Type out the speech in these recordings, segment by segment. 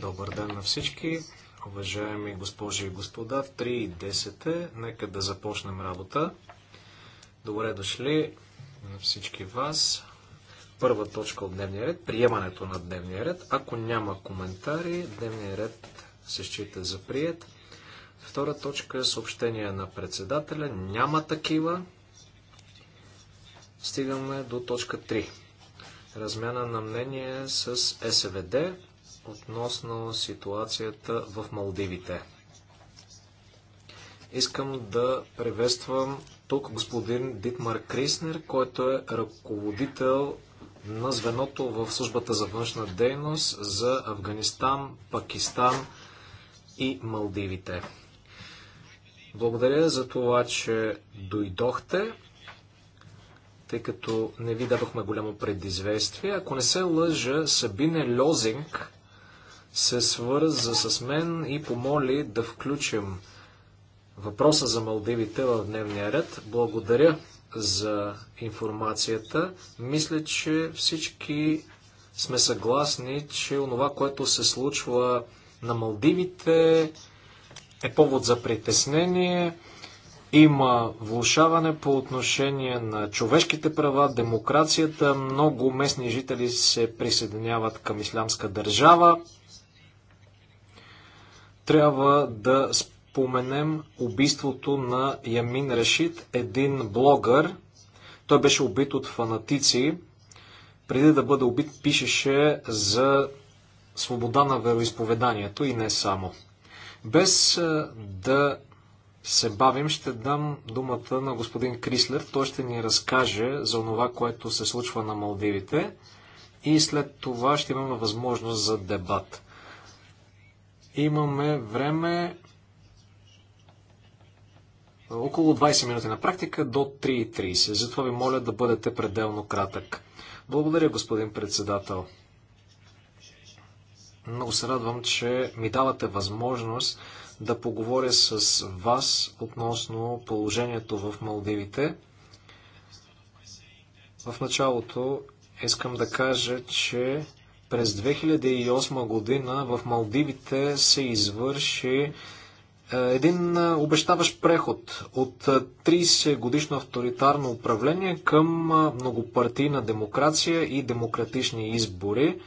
Добър ден на всички. Уважаеми госпожи и господа, в 3.10 е. Нека да започнем работа. Добре дошли на всички вас. Първа точка от дневния ред, приемането на дневния ред. Ако няма коментари, дневния ред се счита за прият. Втора точка е съобщение на председателя. Няма такива. Стигаме до точка 3 размяна на мнение с СВД относно ситуацията в Малдивите. Искам да приветствам тук господин Дитмар Криснер, който е ръководител на звеното в службата за външна дейност за Афганистан, Пакистан и Малдивите. Благодаря за това, че дойдохте тъй като не ви дадохме голямо предизвестие. Ако не се лъжа, Сабине Лозинг се свърза с мен и помоли да включим въпроса за Малдивите в дневния ред. Благодаря за информацията. Мисля, че всички сме съгласни, че онова, което се случва на Малдивите е повод за притеснение. Има влушаване по отношение на човешките права, демокрацията. Много местни жители се присъединяват към ислямска държава. Трябва да споменем убийството на Ямин Решит, един блогър. Той беше убит от фанатици. Преди да бъде убит, пишеше за свобода на вероисповеданието и не само. Без да се бавим, ще дам думата на господин Крислер. Той ще ни разкаже за това, което се случва на Малдивите и след това ще имаме възможност за дебат. Имаме време около 20 минути на практика до 3.30. Затова ви моля да бъдете пределно кратък. Благодаря, господин председател. Много се радвам, че ми давате възможност да поговоря с вас относно положението в Малдивите. В началото искам да кажа, че през 2008 година в Малдивите се извърши е, един е, обещаващ преход от 30 е, годишно авторитарно управление към многопартийна демокрация и демократични избори.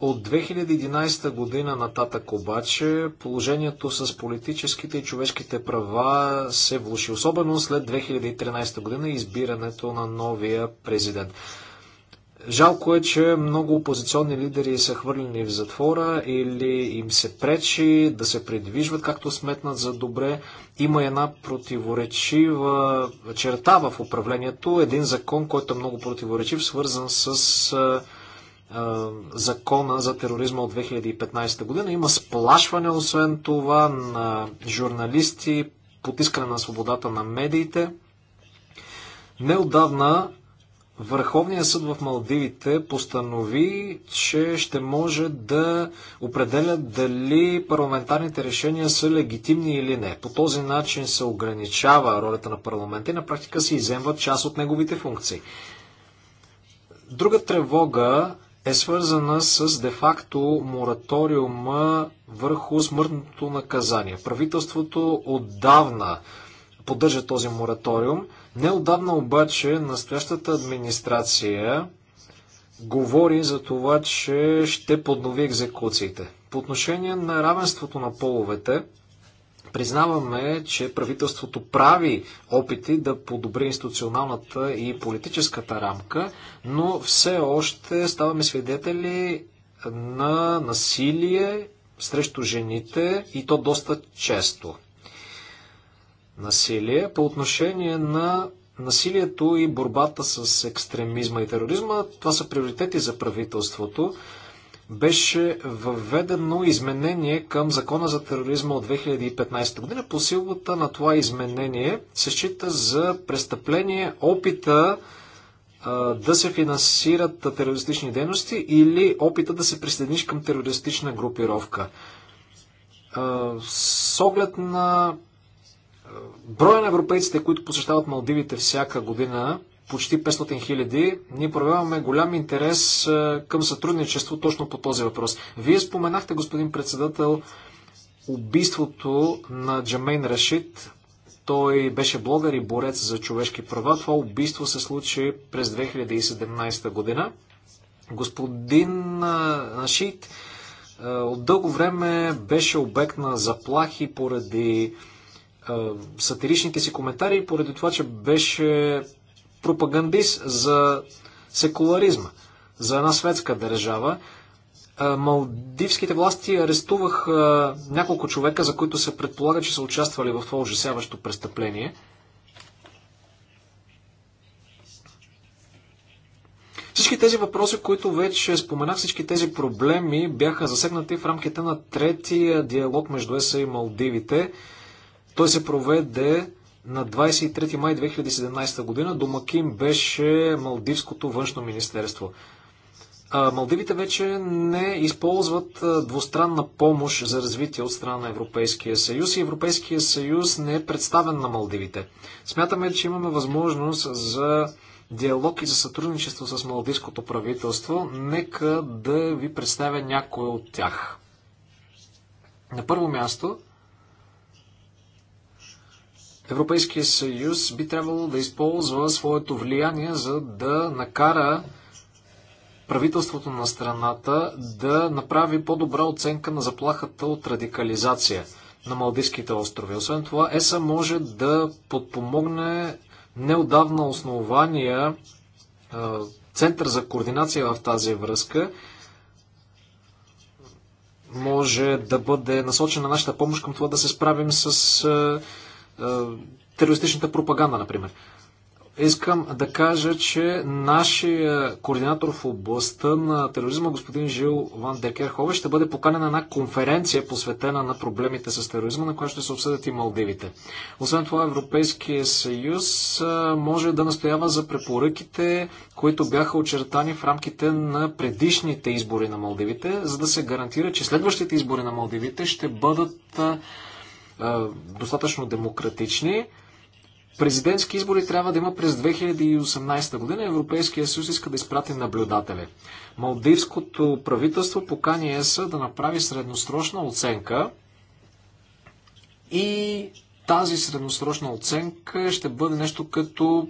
От 2011 година нататък обаче положението с политическите и човешките права се влуши, особено след 2013 година и избирането на новия президент. Жалко е, че много опозиционни лидери са хвърлени в затвора или им се пречи да се придвижват както сметнат за добре. Има една противоречива черта в управлението, един закон, който е много противоречив, свързан с е, закона за тероризма от 2015 година. Има сплашване, освен това, на журналисти, потискане на свободата на медиите. Неодавна Върховният съд в Малдивите постанови, че ще може да определя дали парламентарните решения са легитимни или не. По този начин се ограничава ролята на парламента и на практика се иземват част от неговите функции. Друга тревога е свързана с де-факто мораториума върху смъртното наказание. Правителството отдавна поддържа този мораториум. Неодавна обаче настоящата администрация говори за това, че ще поднови екзекуциите. По отношение на равенството на половете, Признаваме, че правителството прави опити да подобри институционалната и политическата рамка, но все още ставаме свидетели на насилие срещу жените и то доста често. Насилие по отношение на насилието и борбата с екстремизма и тероризма, това са приоритети за правителството беше въведено изменение към Закона за тероризма от 2015 година. По силата на това изменение се счита за престъпление опита да се финансират терористични дейности или опита да се присъединиш към терористична групировка. С оглед на броя на европейците, които посещават Малдивите всяка година, почти 500 хиляди, ние проявяваме голям интерес към сътрудничество точно по този въпрос. Вие споменахте, господин председател, убийството на Джамейн Рашид. Той беше блогър и борец за човешки права. Това убийство се случи през 2017 година. Господин Рашид от дълго време беше обект на заплахи поради сатиричните си коментари, поради това, че беше пропагандист за секуларизма, за една светска държава. Малдивските власти арестувах няколко човека, за които се предполага, че са участвали в това ужасяващо престъпление. Всички тези въпроси, които вече споменах, всички тези проблеми бяха засегнати в рамките на третия диалог между ЕСА и Малдивите. Той се проведе на 23 май 2017 година домакин беше Малдивското външно министерство. Малдивите вече не използват двустранна помощ за развитие от страна на Европейския съюз и Европейския съюз не е представен на Малдивите. Смятаме, че имаме възможност за диалог и за сътрудничество с малдивското правителство. Нека да ви представя някой от тях. На първо място, Европейския съюз би трябвало да използва своето влияние, за да накара правителството на страната да направи по-добра оценка на заплахата от радикализация на Малдивските острови. Освен това, ЕСА може да подпомогне неодавна основания Център за координация в тази връзка може да бъде насочена нашата помощ към това да се справим с е, терористичната пропаганда, например. Искам да кажа, че нашия координатор в областта на тероризма, господин Жил Ван Декерхове, ще бъде поканен на една конференция, посветена на проблемите с тероризма, на която ще се обсъдят и Малдивите. Освен това, Европейския съюз е, може да настоява за препоръките, които бяха очертани в рамките на предишните избори на Малдивите, за да се гарантира, че следващите избори на Малдивите ще бъдат е, достатъчно демократични. Президентски избори трябва да има през 2018 година. Европейския съюз иска да изпрати наблюдатели. Малдивското правителство покани ЕС да направи средносрочна оценка и тази средносрочна оценка ще бъде нещо като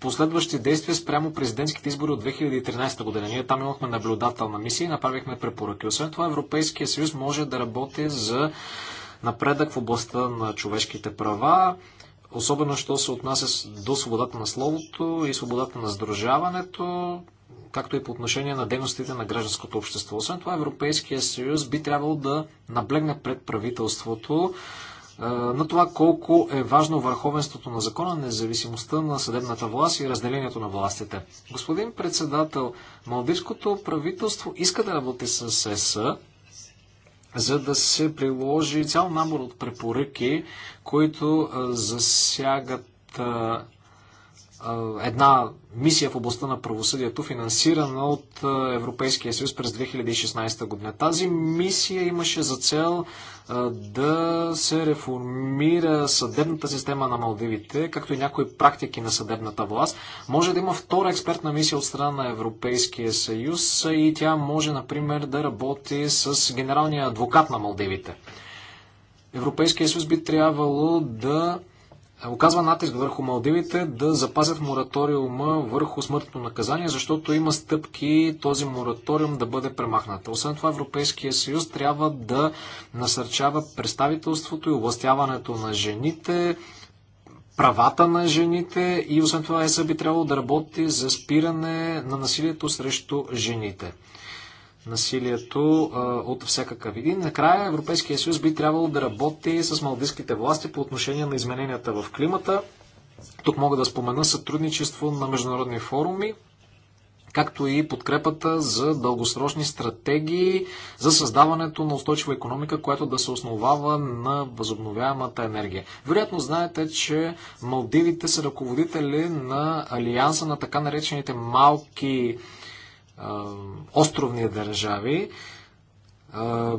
последващи действия спрямо президентските избори от 2013 година. Ние там имахме наблюдателна мисия и направихме препоръки. Освен това, Европейския съюз може да работи за напредък в областта на човешките права, особено що се отнася до свободата на словото и свободата на сдружаването, както и по отношение на дейностите на гражданското общество. Освен това, Европейския съюз би трябвало да наблегне пред правителството е, на това колко е важно върховенството на закона, независимостта на съдебната власт и разделението на властите. Господин председател, Малдивското правителство иска да работи с ЕС, за да се приложи цял набор от препоръки, които засягат една мисия в областта на правосъдието, финансирана от Европейския съюз през 2016 година. Тази мисия имаше за цел да се реформира съдебната система на Малдивите, както и някои практики на съдебната власт. Може да има втора експертна мисия от страна на Европейския съюз и тя може, например, да работи с генералния адвокат на Малдивите. Европейския съюз би трябвало да оказва натиск върху Малдивите да запазят мораториума върху смъртното наказание, защото има стъпки този мораториум да бъде премахнат. Освен това Европейския съюз трябва да насърчава представителството и областяването на жените, правата на жените и освен това ЕСА би трябвало да работи за спиране на насилието срещу жените насилието а, от всякакъв вид. Накрая Европейския съюз би трябвало да работи с малдивските власти по отношение на измененията в климата. Тук мога да спомена сътрудничество на международни форуми, както и подкрепата за дългосрочни стратегии за създаването на устойчива економика, която да се основава на възобновяемата енергия. Вероятно знаете, че Малдивите са ръководители на алианса на така наречените малки островни държави.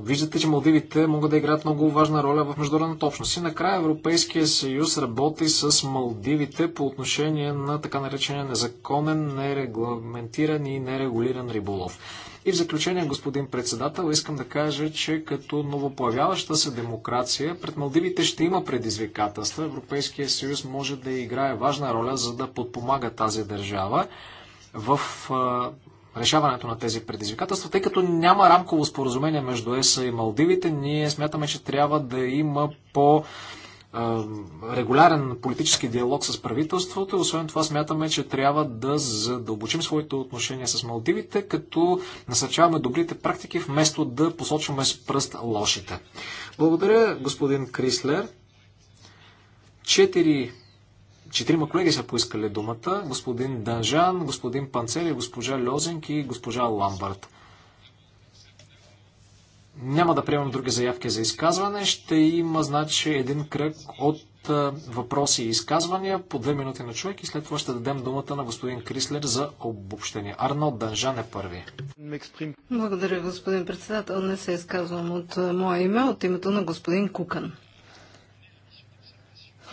Виждате, че Малдивите могат да играят много важна роля в международната общност. И накрая Европейския съюз работи с Малдивите по отношение на така наречения незаконен, нерегламентиран и нерегулиран риболов. И в заключение, господин председател, искам да кажа, че като новопоявяваща се демокрация, пред Малдивите ще има предизвикателства. Европейския съюз може да играе важна роля, за да подпомага тази държава в решаването на тези предизвикателства, тъй като няма рамково споразумение между ЕСА и Малдивите, ние смятаме, че трябва да има по регулярен политически диалог с правителството. Освен това смятаме, че трябва да задълбочим своите отношения с Малдивите, като насърчаваме добрите практики, вместо да посочваме с пръст лошите. Благодаря, господин Крислер. Четири Четирима колеги са поискали думата. Господин Данжан, господин Панцели, госпожа Льозинг и госпожа Ламбард. Няма да приемам други заявки за изказване. Ще има, значи, един кръг от въпроси и изказвания по две минути на човек и след това ще дадем думата на господин Крислер за обобщение. Арно Данжан е първи. Благодаря, господин председател. Не се изказвам от мое име, от името на господин Кукан.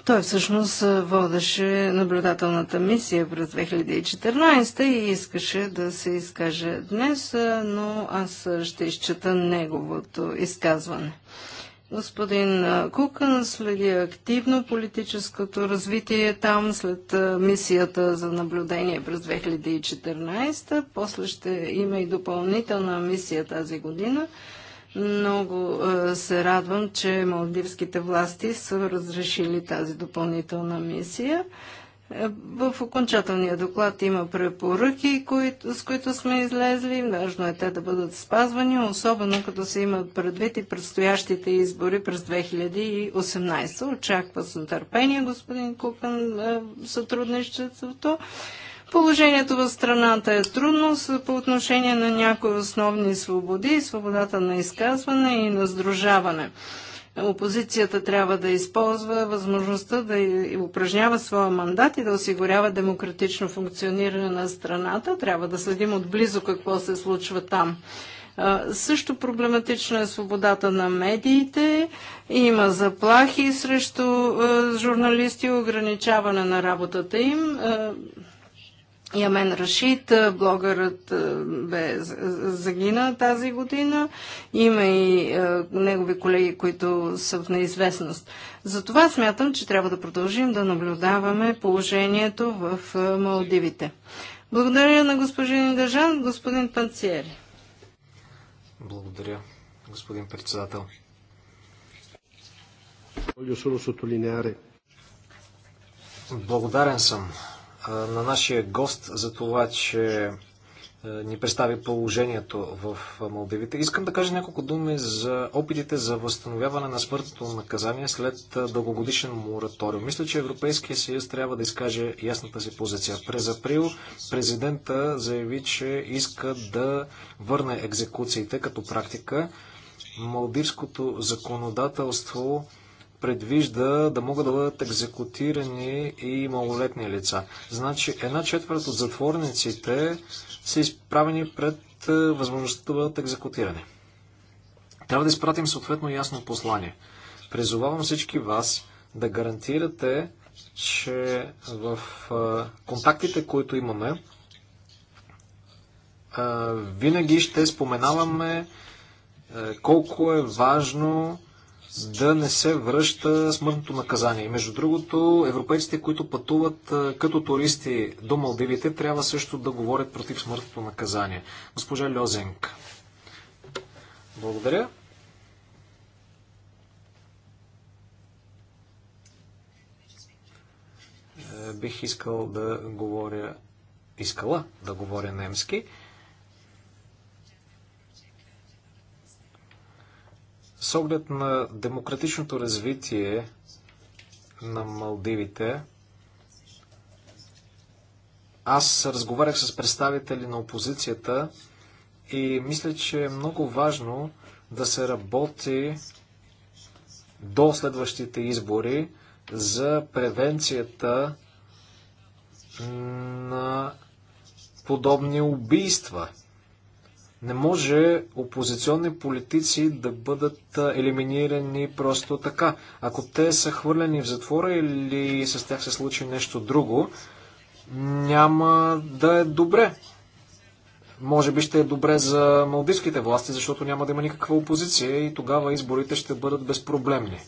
Той всъщност водеше наблюдателната мисия през 2014 и искаше да се изкаже днес, но аз ще изчета неговото изказване. Господин Кукън следи активно политическото развитие там след мисията за наблюдение през 2014. После ще има и допълнителна мисия тази година – много е, се радвам, че малдивските власти са разрешили тази допълнителна мисия. Е, в окончателния доклад има препоръки, с които сме излезли. Важно е те да бъдат спазвани, особено като се имат предвид и предстоящите избори през 2018. Очаква с нетърпение господин Кукан е, сътрудничеството. Положението в страната е трудно по отношение на някои основни свободи, свободата на изказване и на сдружаване. Опозицията трябва да използва възможността да упражнява своя мандат и да осигурява демократично функциониране на страната. Трябва да следим отблизо какво се случва там. Също проблематична е свободата на медиите. Има заплахи срещу журналисти, ограничаване на работата им. Ямен Рашид, блогърът бе загина тази година. Има и е, негови колеги, които са в неизвестност. Затова смятам, че трябва да продължим да наблюдаваме положението в е, Малдивите. Благодаря на господин Държан, господин Панциери. Благодаря, господин председател. Благодарен съм на нашия гост за това, че ни представи положението в Малдивите. Искам да кажа няколко думи за опитите за възстановяване на смъртното наказание след дългогодишен мораториум. Мисля, че Европейския съюз трябва да изкаже ясната си позиция. През април президента заяви, че иска да върне екзекуциите като практика. Малдивското законодателство предвижда да могат да бъдат екзекутирани и малолетни лица. Значи една четвърт от затворниците са изправени пред е, възможността да бъдат екзекутирани. Трябва да изпратим съответно ясно послание. Призовавам всички вас да гарантирате, че в е, контактите, които имаме, е, винаги ще споменаваме колко е важно да не се връща смъртното наказание. Между другото, европейците, които пътуват като туристи до Малдивите, трябва също да говорят против смъртното наказание. Госпожа Льозенк. Благодаря. Е, бих искал да говоря, искала да говоря немски. С оглед на демократичното развитие на Малдивите, аз разговарях с представители на опозицията и мисля, че е много важно да се работи до следващите избори за превенцията на подобни убийства. Не може опозиционни политици да бъдат елиминирани просто така. Ако те са хвърлени в затвора или с тях се случи нещо друго, няма да е добре. Може би ще е добре за малдивските власти, защото няма да има никаква опозиция и тогава изборите ще бъдат безпроблемни.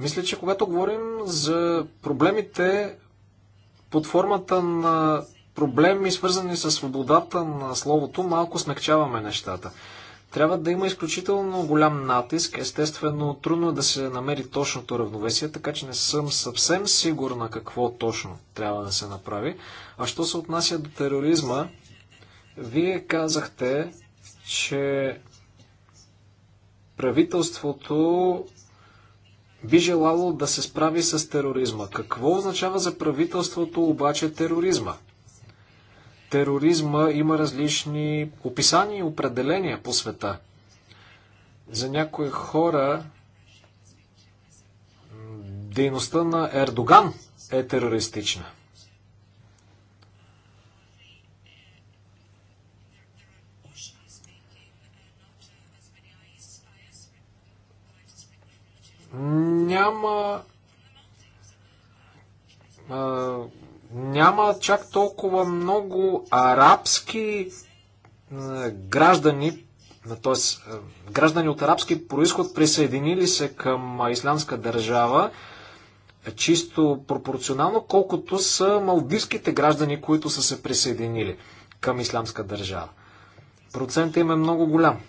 Мисля, че когато говорим за проблемите под формата на проблеми, свързани с свободата на словото, малко смягчаваме нещата. Трябва да има изключително голям натиск. Естествено, трудно е да се намери точното равновесие, така че не съм съвсем сигурна какво точно трябва да се направи. А що се отнася до тероризма, вие казахте, че правителството би желало да се справи с тероризма. Какво означава за правителството обаче тероризма? тероризма има различни описания и определения по света. За някои хора дейността на Ердоган е терористична. Няма а, няма чак толкова много арабски е, граждани, т.е. Е, граждани от арабски происход присъединили се към ислямска държава, е, чисто пропорционално, колкото са малдивските граждани, които са се присъединили към ислямска държава. Процентът им е много голям.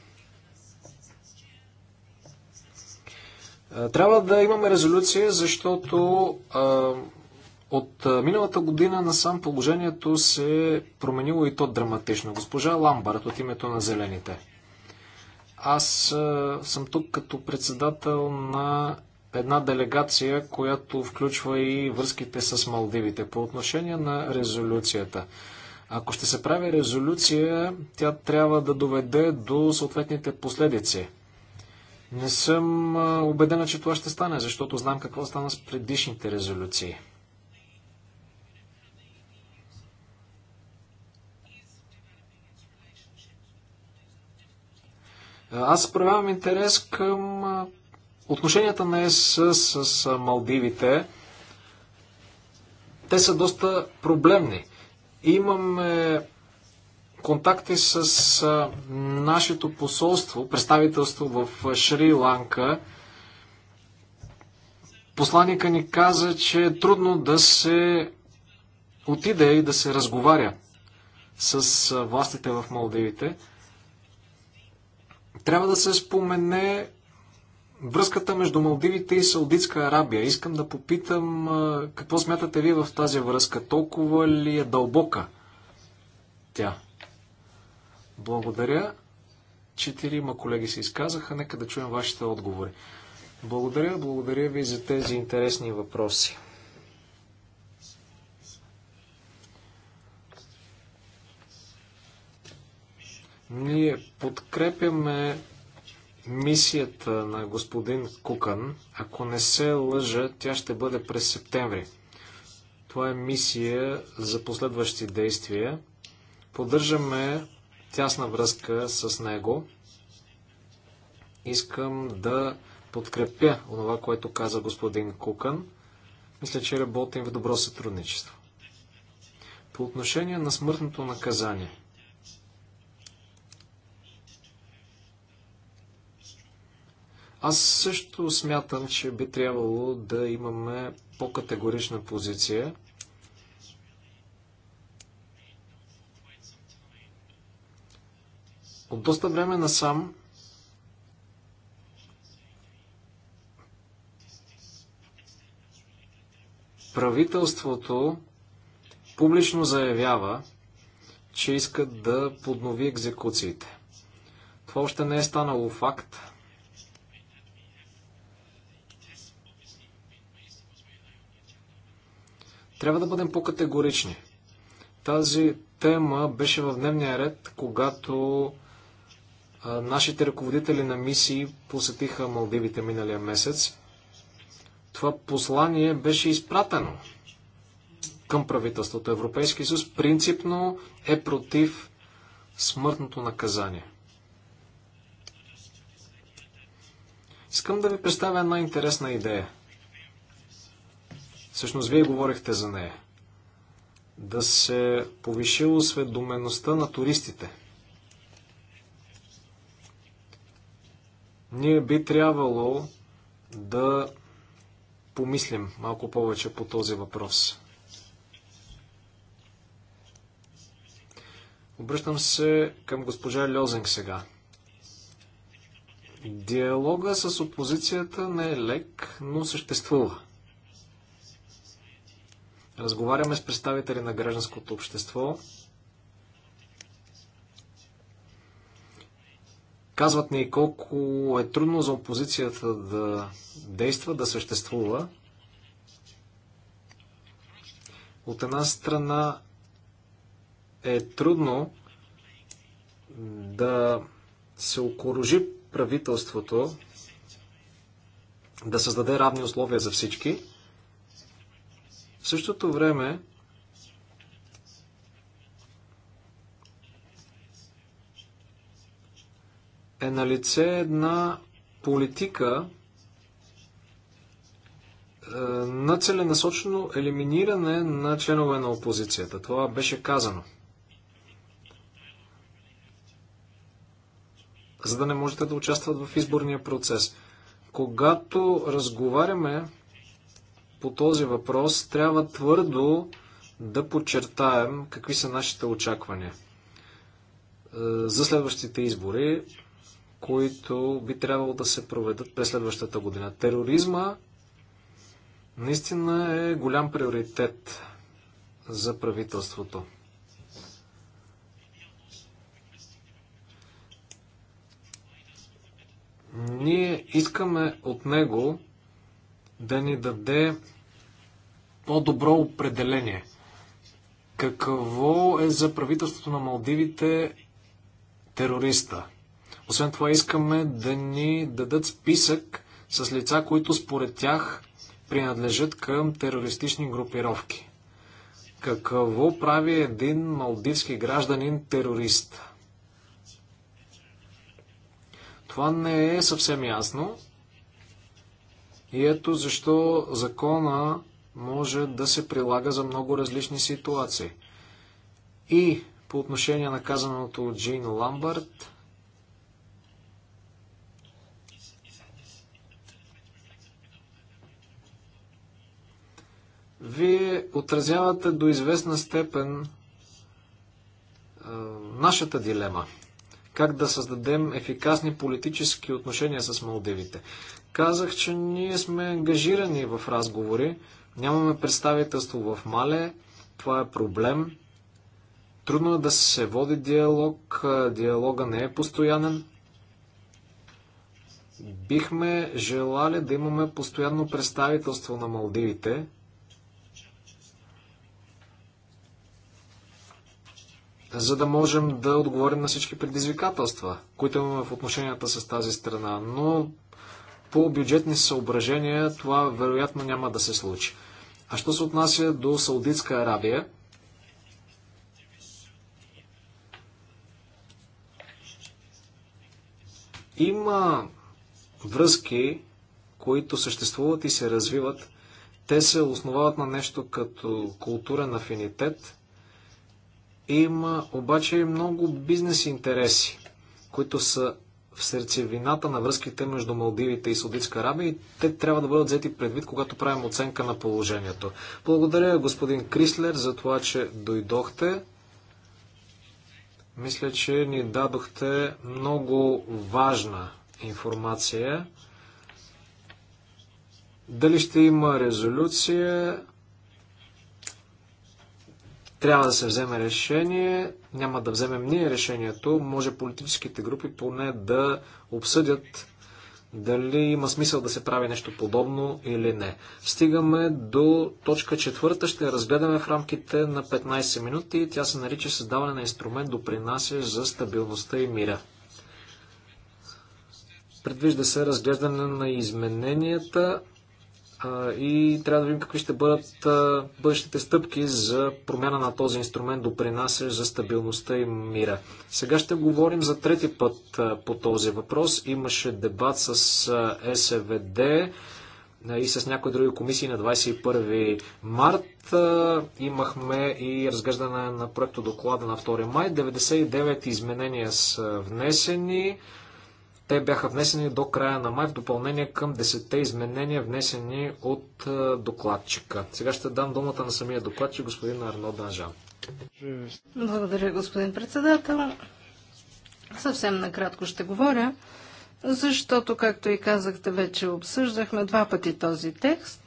Трябва да имаме резолюция, защото от миналата година насам положението се е променило и то драматично. Госпожа Ламбард от името на Зелените. Аз съм тук като председател на една делегация, която включва и връзките с Малдивите. По отношение на резолюцията. Ако ще се прави резолюция, тя трябва да доведе до съответните последици. Не съм убедена, че това ще стане, защото знам какво стана с предишните резолюции. Аз проявявам интерес към отношенията на ЕС с, с Малдивите. Те са доста проблемни. Имаме контакти с нашето посолство, представителство в Шри-Ланка. Посланника ни каза, че е трудно да се отиде и да се разговаря с властите в Малдивите. Трябва да се спомене връзката между Малдивите и Саудитска Арабия. Искам да попитам какво смятате ви в тази връзка. Толкова ли е дълбока тя? Благодаря. Четирима колеги се изказаха. Нека да чуем вашите отговори. Благодаря, благодаря ви за тези интересни въпроси. Ние подкрепяме мисията на господин Кукан. Ако не се лъжа, тя ще бъде през септември. Това е мисия за последващи действия. Поддържаме тясна връзка с него. Искам да подкрепя това, което каза господин Кукан. Мисля, че работим в добро сътрудничество. По отношение на смъртното наказание. Аз също смятам, че би трябвало да имаме по-категорична позиция. От доста време насам правителството публично заявява, че иска да поднови екзекуциите. Това още не е станало факт. Трябва да бъдем по-категорични. Тази тема беше в дневния ред, когато а, нашите ръководители на мисии посетиха Малдивите миналия месец. Това послание беше изпратено към правителството. Европейския съюз принципно е против смъртното наказание. Искам да ви представя една интересна идея – Всъщност, вие говорихте за нея. Да се повиши осведомеността на туристите. Ние би трябвало да помислим малко повече по този въпрос. Обръщам се към госпожа Льозинг сега. Диалога с опозицията не е лек, но съществува. Разговаряме с представители на гражданското общество. Казват ни колко е трудно за опозицията да действа, да съществува. От една страна е трудно да се окоружи правителството да създаде равни условия за всички. В същото време, е на лице една политика е, на целенасочено елиминиране на членове на опозицията. Това беше казано. За да не можете да участват в изборния процес. Когато разговаряме по този въпрос трябва твърдо да подчертаем какви са нашите очаквания е, за следващите избори, които би трябвало да се проведат през следващата година. Тероризма наистина е голям приоритет за правителството. Ние искаме от него да ни даде по-добро определение. Какво е за правителството на Малдивите терориста? Освен това искаме да ни дадат списък с лица, които според тях принадлежат към терористични групировки. Какво прави един малдивски гражданин терорист? Това не е съвсем ясно. И ето защо закона може да се прилага за много различни ситуации. И по отношение на казаното от Джейн Ламбард, вие отразявате до известна степен нашата дилема как да създадем ефикасни политически отношения с Малдивите. Казах, че ние сме ангажирани в разговори, нямаме представителство в Мале, това е проблем. Трудно е да се води диалог, диалога не е постоянен. Бихме желали да имаме постоянно представителство на Малдивите – за да можем да отговорим на всички предизвикателства, които имаме в отношенията с тази страна. Но по бюджетни съображения това вероятно няма да се случи. А що се отнася до Саудитска Арабия, има връзки, които съществуват и се развиват. Те се основават на нещо като културен афинитет – има обаче и много бизнес интереси, които са в сърцевината на връзките между Малдивите и Саудитска Арабия и те трябва да бъдат взети предвид, когато правим оценка на положението. Благодаря господин Крислер за това, че дойдохте. Мисля, че ни дадохте много важна информация. Дали ще има резолюция, трябва да се вземе решение, няма да вземем ние решението, може политическите групи поне да обсъдят дали има смисъл да се прави нещо подобно или не. Стигаме до точка четвърта, ще я разгледаме в рамките на 15 минути. Тя се нарича създаване на инструмент, допринася за стабилността и мира. Предвижда се разглеждане на измененията и трябва да видим какви ще бъдат бъдещите стъпки за промяна на този инструмент, допринася за стабилността и мира. Сега ще говорим за трети път по този въпрос. Имаше дебат с СВД и с някои други комисии на 21 март. Имахме и разглеждане на проекто доклада на 2 май. 99 изменения са внесени. Те бяха внесени до края на май в допълнение към 10-те изменения, внесени от е, докладчика. Сега ще дам думата на самия докладчик, господин Арно Данжан. Благодаря, господин председател. Съвсем накратко ще говоря, защото, както и казахте, вече обсъждахме два пъти този текст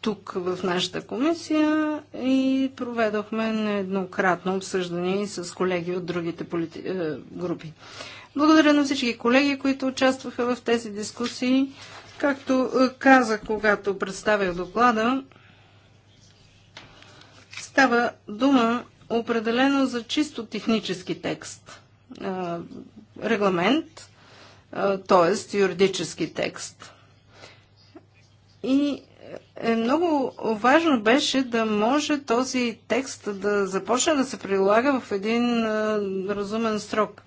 тук в нашата комисия и проведохме нееднократно обсъждане и с колеги от другите полити... Е, групи. Благодаря на всички колеги, които участваха в тези дискусии. Както е, казах, когато представях доклада, става дума определено за чисто технически текст. Е, регламент, е, т.е. юридически текст. И е много важно беше да може този текст да започне да се прилага в един разумен срок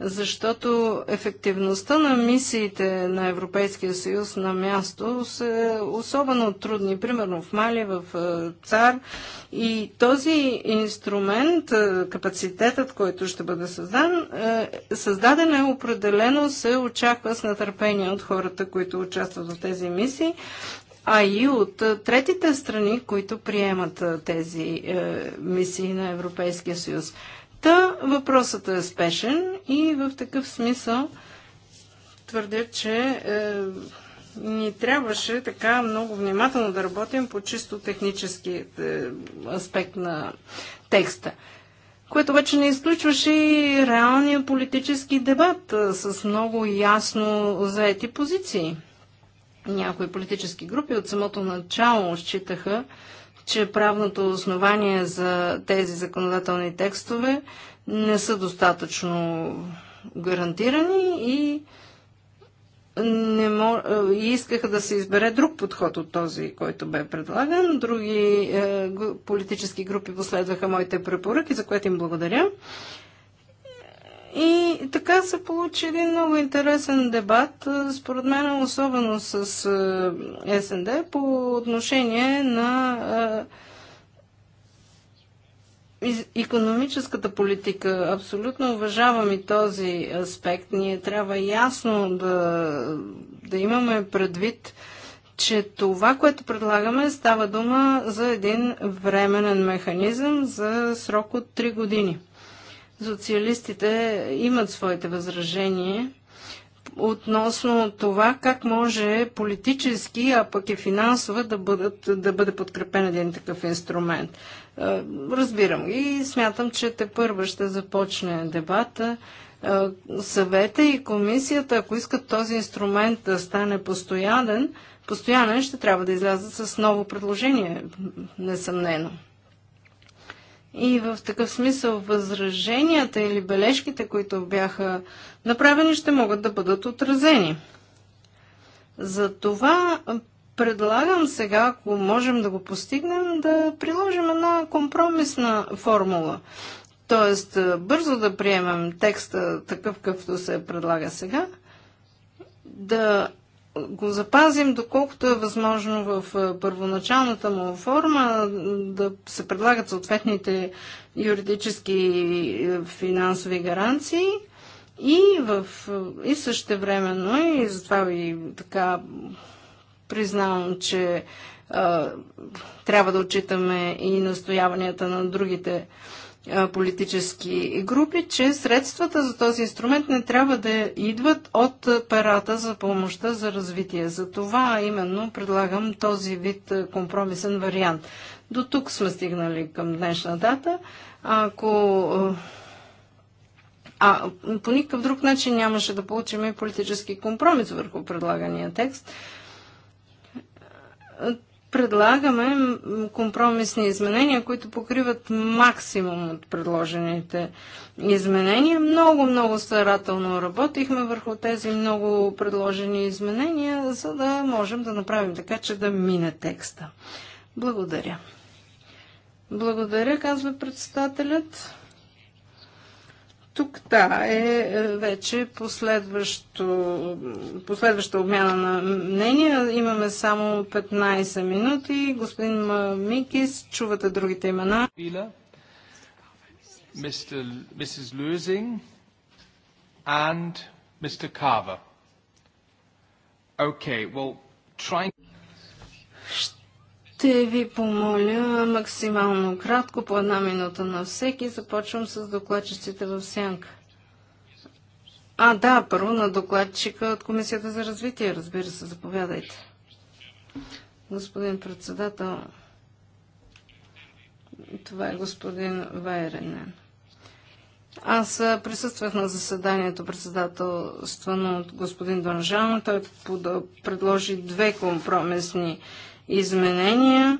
защото ефективността на мисиите на Европейския съюз на място са особено трудни, примерно в Мали, в е, ЦАР. И този инструмент, е, капацитетът, който ще бъде създан, е, създаден е определено се очаква с нетърпение от хората, които участват в тези мисии, а и от третите страни, които приемат тези мисии на Европейския съюз. Та въпросът е спешен и в такъв смисъл твърдя, че е, ни трябваше така много внимателно да работим по чисто технически е, аспект на текста. Което вече не изключваше и реалния политически дебат е, с много ясно заети позиции. Някои политически групи от самото начало считаха, че правното основание за тези законодателни текстове не са достатъчно гарантирани и не мож... и искаха да се избере друг подход от този, който бе предлаган. Други е, политически групи последваха моите препоръки, за което им благодаря. И така се получи един много интересен дебат, според мен особено с СНД, по отношение на економическата политика. Абсолютно уважавам и този аспект. Ние трябва ясно да, да имаме предвид, че това, което предлагаме, става дума за един временен механизъм за срок от 3 години социалистите имат своите възражения относно това как може политически, а пък и финансово да, бъдат, да бъде подкрепен един такъв инструмент. Е, разбирам и смятам, че те първа ще започне дебата. Е, съвета и комисията, ако искат този инструмент да стане постоянен, постоянен ще трябва да излязат с ново предложение, несъмнено. И в такъв смисъл възраженията или бележките, които бяха направени, ще могат да бъдат отразени. Затова предлагам сега, ако можем да го постигнем, да приложим една компромисна формула. Тоест, е, бързо да приемем текста такъв, какъвто се предлага сега, да го запазим доколкото е възможно в е, първоначалната му форма да се предлагат съответните юридически е, финансови гаранции и, в, е, и времено, и затова ви така признавам, че а, трябва да отчитаме и настояванията на другите политически групи, че средствата за този инструмент не трябва да идват от парата за помощта за развитие. За това именно предлагам този вид компромисен вариант. До тук сме стигнали към днешна дата. Ако а по никакъв друг начин нямаше да получим и политически компромис върху предлагания текст предлагаме компромисни изменения, които покриват максимум от предложените изменения. Много, много старателно работихме върху тези много предложени изменения, за да можем да направим така, че да мине текста. Благодаря. Благодаря, казва председателят. Тук, да, е, е вече последваща обмяна на мнения. Имаме само 15 минути. Господин Микис, чувате другите имена. Mr. Mrs. Lösing and Mr. Carver. Okay, well, trying... Ще ви помоля максимално кратко, по една минута на всеки. Започвам с докладчиците в сянка. А, да, първо на докладчика от Комисията за развитие, разбира се, заповядайте. Господин председател, това е господин Вайренен. Аз присъствах на заседанието председателствано от господин Донжан. Той предложи две компромисни изменения.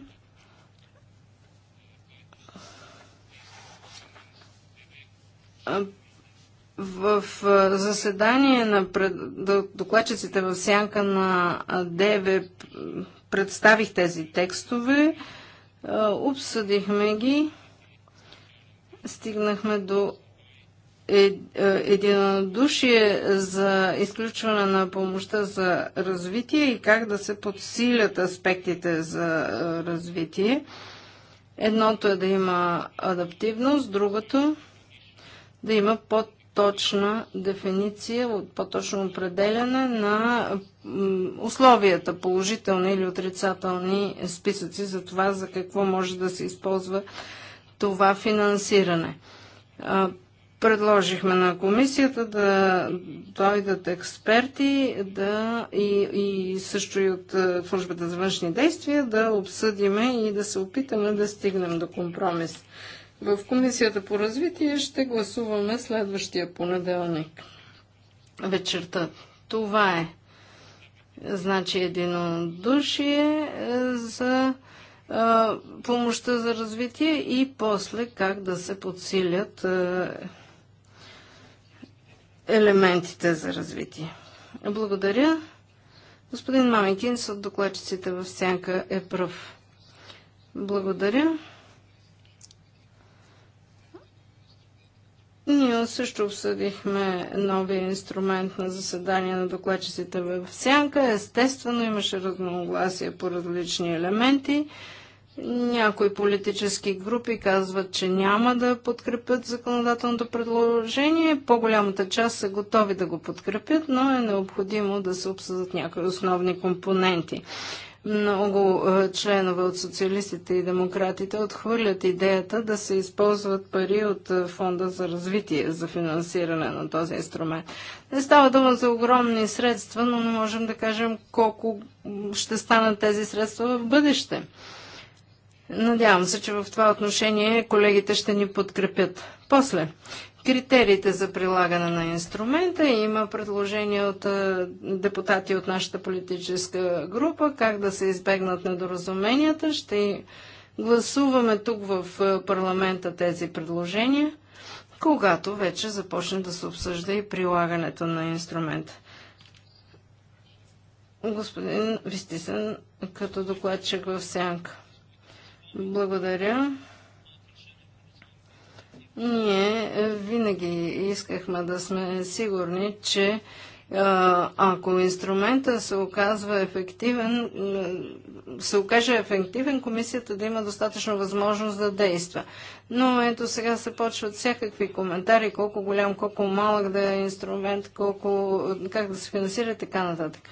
В заседание на пред... докладчиците в сянка на ДВ представих тези текстове, обсъдихме ги, стигнахме до е, е, единодушие за изключване на помощта за развитие и как да се подсилят аспектите за е, развитие. Едното е да има адаптивност, другото да има по-точна дефиниция, по-точно определяне на условията, положителни или отрицателни списъци за това, за какво може да се използва това финансиране Предложихме на комисията да дойдат експерти да, и, и също и от е, службата за външни действия да обсъдиме и да се опитаме да стигнем до компромис. В комисията по развитие ще гласуваме следващия понеделник вечерта. Това е. Значи единодушие е, за е, помощта за развитие и после как да се подсилят елементите за развитие. Благодаря. Господин Мамикинс от докладчиците в Сянка е пръв. Благодаря. Ние също обсъдихме новия инструмент на заседание на докладчиците в Сянка. Естествено имаше разногласия по различни елементи. Някои политически групи казват, че няма да подкрепят законодателното предложение. По-голямата част са готови да го подкрепят, но е необходимо да се обсъдят някои основни компоненти. Много е, членове от социалистите и демократите отхвърлят идеята да се използват пари от е, Фонда за развитие за финансиране на този инструмент. Не става дума за огромни средства, но не можем да кажем колко ще станат тези средства в бъдеще. Надявам се, че в това отношение колегите ще ни подкрепят. После, критериите за прилагане на инструмента. Има предложение от е, депутати от нашата политическа група как да се избегнат недоразуменията. Ще гласуваме тук в е, парламента тези предложения, когато вече започне да се обсъжда и прилагането на инструмента. Господин Вистисен, като докладчик в сянка. Благодаря. Ние е, винаги искахме да сме сигурни, че е, ако инструмента се оказва ефективен, е, се окаже ефективен, комисията да има достатъчно възможност да действа. Но ето сега се почват всякакви коментари, колко голям, колко малък да е инструмент, колко, как да се финансира и така нататък.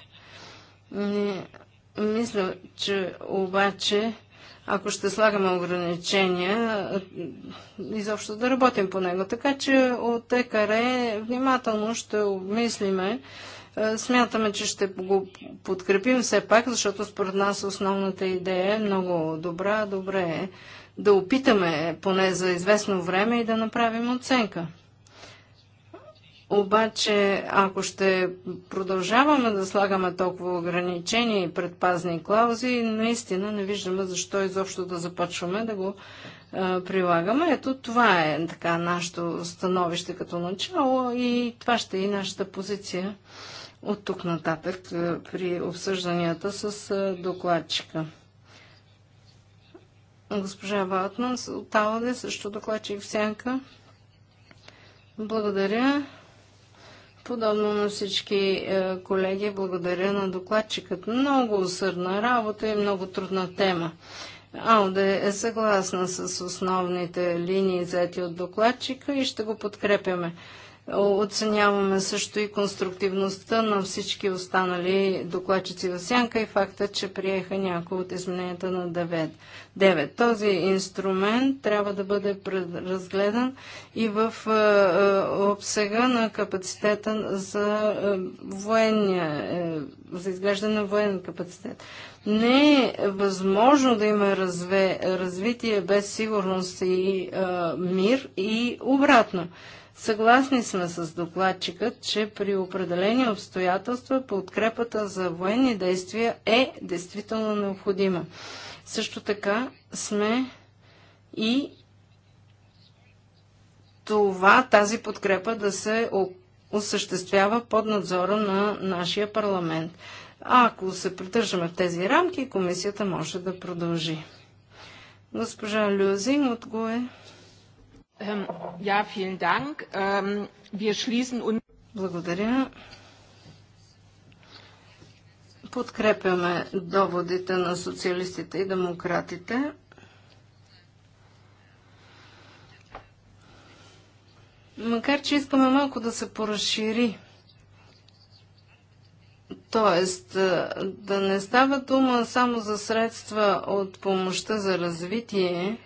Мисля, че обаче ако ще слагаме ограничения, изобщо да работим по него. Така че от ЕКАРЕ внимателно ще обмислиме. Е, смятаме, че ще го подкрепим все пак, защото според нас основната идея е много добра. Добре е да опитаме поне за известно време и да направим оценка. Обаче, ако ще продължаваме да слагаме толкова ограничения и предпазни клаузи, наистина не виждаме защо изобщо да започваме да го е, прилагаме. Ето това е така нашето становище като начало и това ще е и нашата позиция от тук нататък при обсъжданията с докладчика. Госпожа Ватман, Таладе, също докладчик в сянка. Благодаря. Подобно на всички е, колеги, благодаря на докладчикът. Много усърдна работа и много трудна тема. Ауде е съгласна с основните линии, взети от докладчика и ще го подкрепяме. Оценяваме също и конструктивността на всички останали докладчици в сянка и факта, че приеха някои от измененията на 9. 9. Този инструмент трябва да бъде разгледан и в е, е, обсега на капацитета за е, военния за изграждане на военен капацитет. Не е възможно да има разве, развитие без сигурност и а, мир и обратно. Съгласни сме с докладчика, че при определени обстоятелства подкрепата за военни действия е действително необходима. Също така сме и това, тази подкрепа да се осъществява под надзора на нашия парламент. А ако се придържаме в тези рамки, комисията може да продължи. Госпожа Люзин от ГУЕ. Благодаря. Подкрепяме доводите на социалистите и демократите. Макар, че искаме малко да се поразшири. Тоест, е, да не става дума само за средства от помощта за развитие,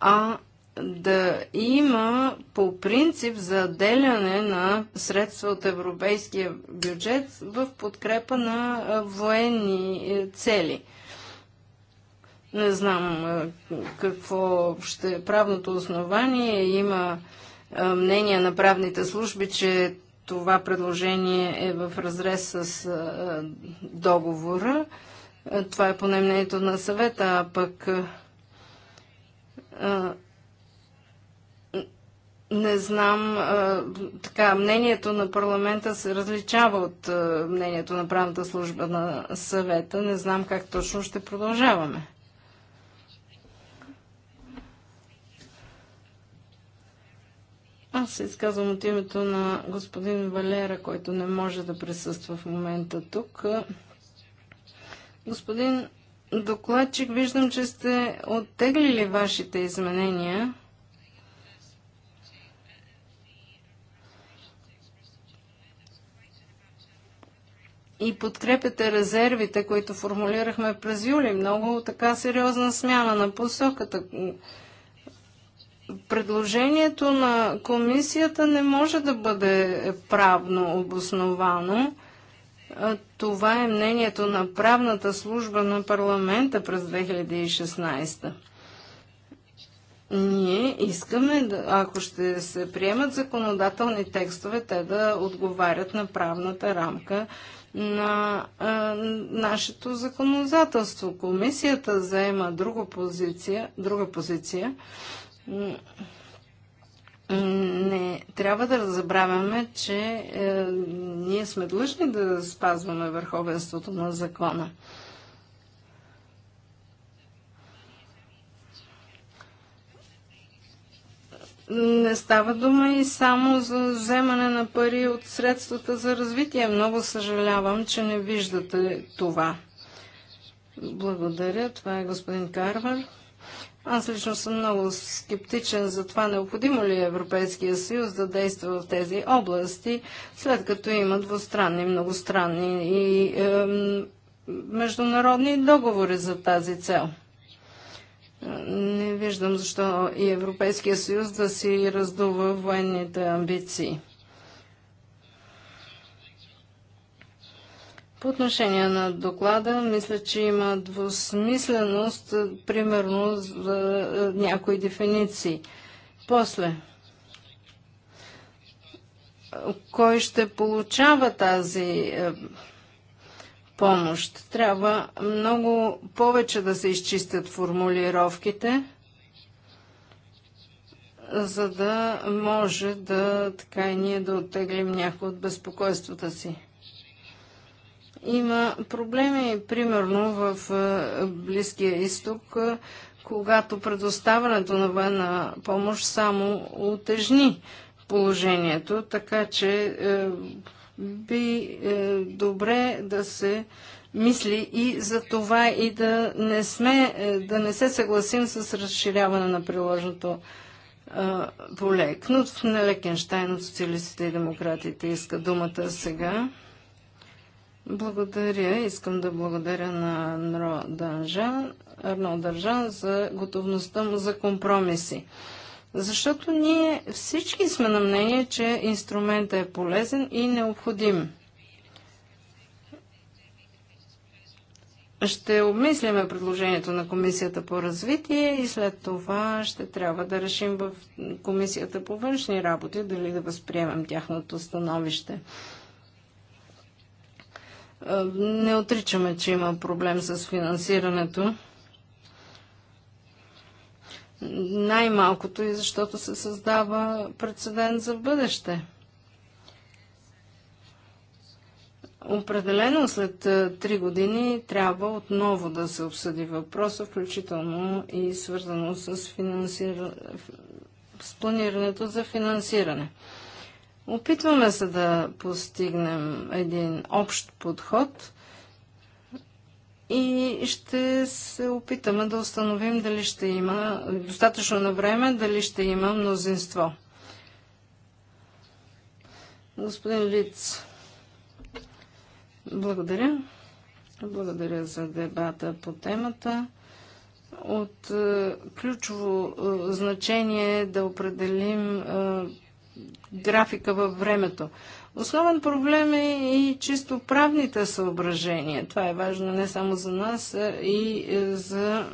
а да има по принцип заделяне на средства от европейския бюджет в подкрепа на е, военни е, цели. Не знам какво ще е правното основание. Има мнение на правните служби, че това предложение е в разрез с договора. Това е поне мнението на съвета, а пък не знам, така, мнението на парламента се различава от мнението на правната служба на съвета. Не знам как точно ще продължаваме. Аз се изказвам от името на господин Валера, който не може да присъства в момента тук. Господин докладчик, виждам, че сте оттеглили вашите изменения. и подкрепяте резервите, които формулирахме през юли. Много така сериозна смяна на посоката предложението на комисията не може да бъде правно обосновано. Това е мнението на правната служба на парламента през 2016. Ние искаме, ако ще се приемат законодателни текстове, те да отговарят на правната рамка на а, нашето законодателство. Комисията заема друга позиция, друга позиция не трябва да разбравяме, че е, ние сме длъжни да спазваме върховенството на закона. Не става дума и само за вземане на пари от средствата за развитие. Много съжалявам, че не виждате това. Благодаря. Това е господин Карвар. Аз лично съм много скептичен за това необходимо ли е Европейския съюз да действа в тези области, след като има двустранни, многостранни и е, международни договори за тази цел. Не виждам защо и Европейския съюз да си раздува военните амбиции. По отношение на доклада, мисля, че има двусмисленост, е, примерно за е, някои дефиниции. После, кой ще получава тази е, помощ? Трябва много повече да се изчистят формулировките, за да може да така и ние да оттеглим някои от безпокойствата си има проблеми, примерно в Близкия изток, когато предоставането на военна помощ само отежни положението, така че е, би е, добре да се мисли и за това и да не, сме, е, да не се съгласим с разширяване на приложното е, поле. Кнут на Лекенштайн от социалистите и демократите иска думата сега. Благодаря. Искам да благодаря на Арно Държан, Арно Държан за готовността му за компромиси. Защото ние всички сме на мнение, че инструментът е полезен и необходим. Ще обмисляме предложението на Комисията по развитие и след това ще трябва да решим в Комисията по външни работи дали да възприемем тяхното становище. Е, не отричаме, че има проблем с финансирането. Най-малкото и защото се създава прецедент за бъдеще. Определено след 3 е, години трябва отново да се обсъди въпроса, включително и свързано с, финансира... с планирането за финансиране. Опитваме се да постигнем един общ подход и ще се опитаме да установим дали ще има достатъчно на време, дали ще има мнозинство. Господин Лиц, благодаря. Благодаря за дебата по темата. От е, ключово е, значение е да определим е, графика във времето. Основен проблем е и чисто правните съображения. Това е важно не само за нас, а и е, за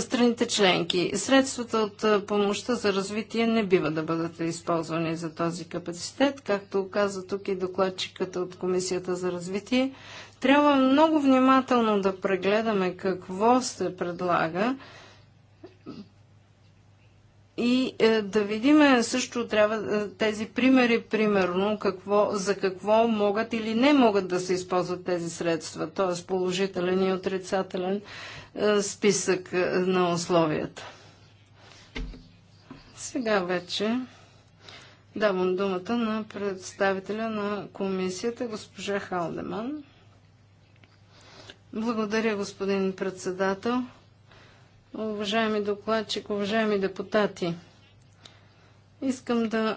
страните членки. Средствата от е, помощта за развитие не бива да бъдат използвани за този капацитет, както каза тук и докладчиката от Комисията за развитие. Трябва много внимателно да прегледаме какво се предлага, и е, да видим е, също трябва е, тези примери, примерно, какво, за какво могат или не могат да се използват тези средства, т.е. положителен и отрицателен списък на условията. Сега вече давам думата на представителя на комисията, госпожа Халдеман. Благодаря, господин председател уважаеми докладчик, уважаеми депутати. Искам да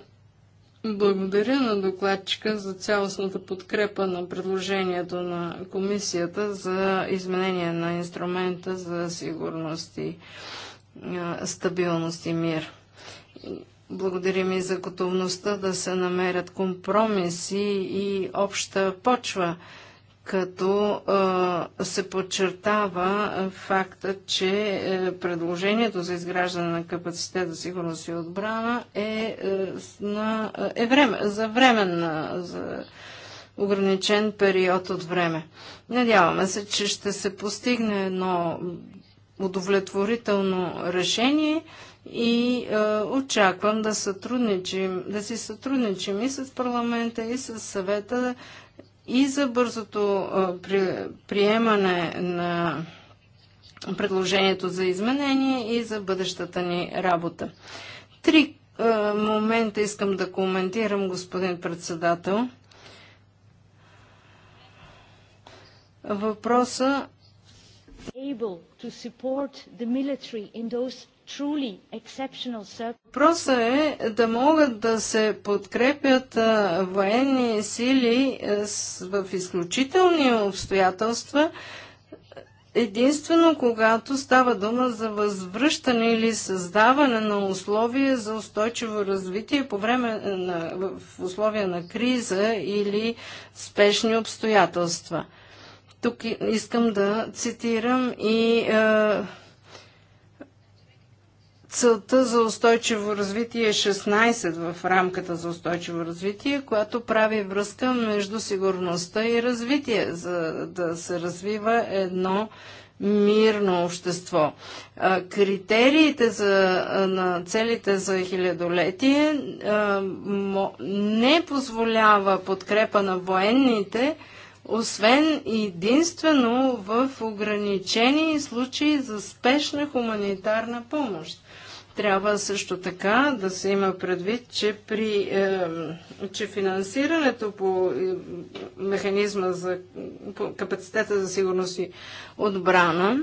благодаря на докладчика за цялостната подкрепа на предложението на комисията за изменение на инструмента за сигурност и стабилност и мир. Благодарим и за готовността да се намерят компромиси и обща почва – като се подчертава факта, че е, предложението за изграждане на капацитет за сигурност и отбрана е, е на, е време, за временна, за ограничен период от време. Надяваме се, че ще се постигне едно удовлетворително решение и е, очаквам да, сътрудничим, да си сътрудничим и с парламента, и с съвета и за бързото приемане на предложението за изменение и за бъдещата ни работа. Три момента искам да коментирам, господин председател. Въпроса able to support the military in those Въпросът е да могат да се подкрепят военни сили в изключителни обстоятелства, единствено когато става дума за възвръщане или създаване на условия за устойчиво развитие по време на, в условия на криза или спешни обстоятелства. Тук искам да цитирам и е, целта за устойчиво развитие е 16 в рамката за устойчиво развитие, която прави връзка между сигурността и развитие, за да се развива едно мирно общество. критериите за, на целите за хилядолетие не позволява подкрепа на военните, освен единствено в ограничени случаи за спешна хуманитарна помощ. Трябва също така да се има предвид, че, при, е, че финансирането по механизма за по капацитета за сигурност и отбрана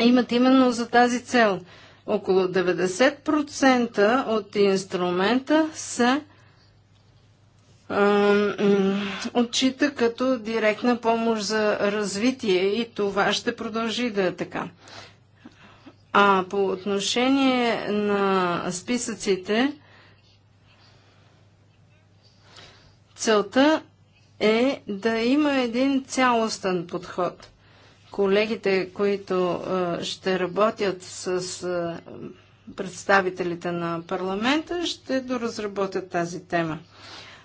имат именно за тази цел. Около 90% от инструмента се отчита като директна помощ за развитие и това ще продължи да е така. А по отношение на списъците, целта е да има един цялостен подход. Колегите, които ще работят с представителите на парламента, ще доразработят тази тема.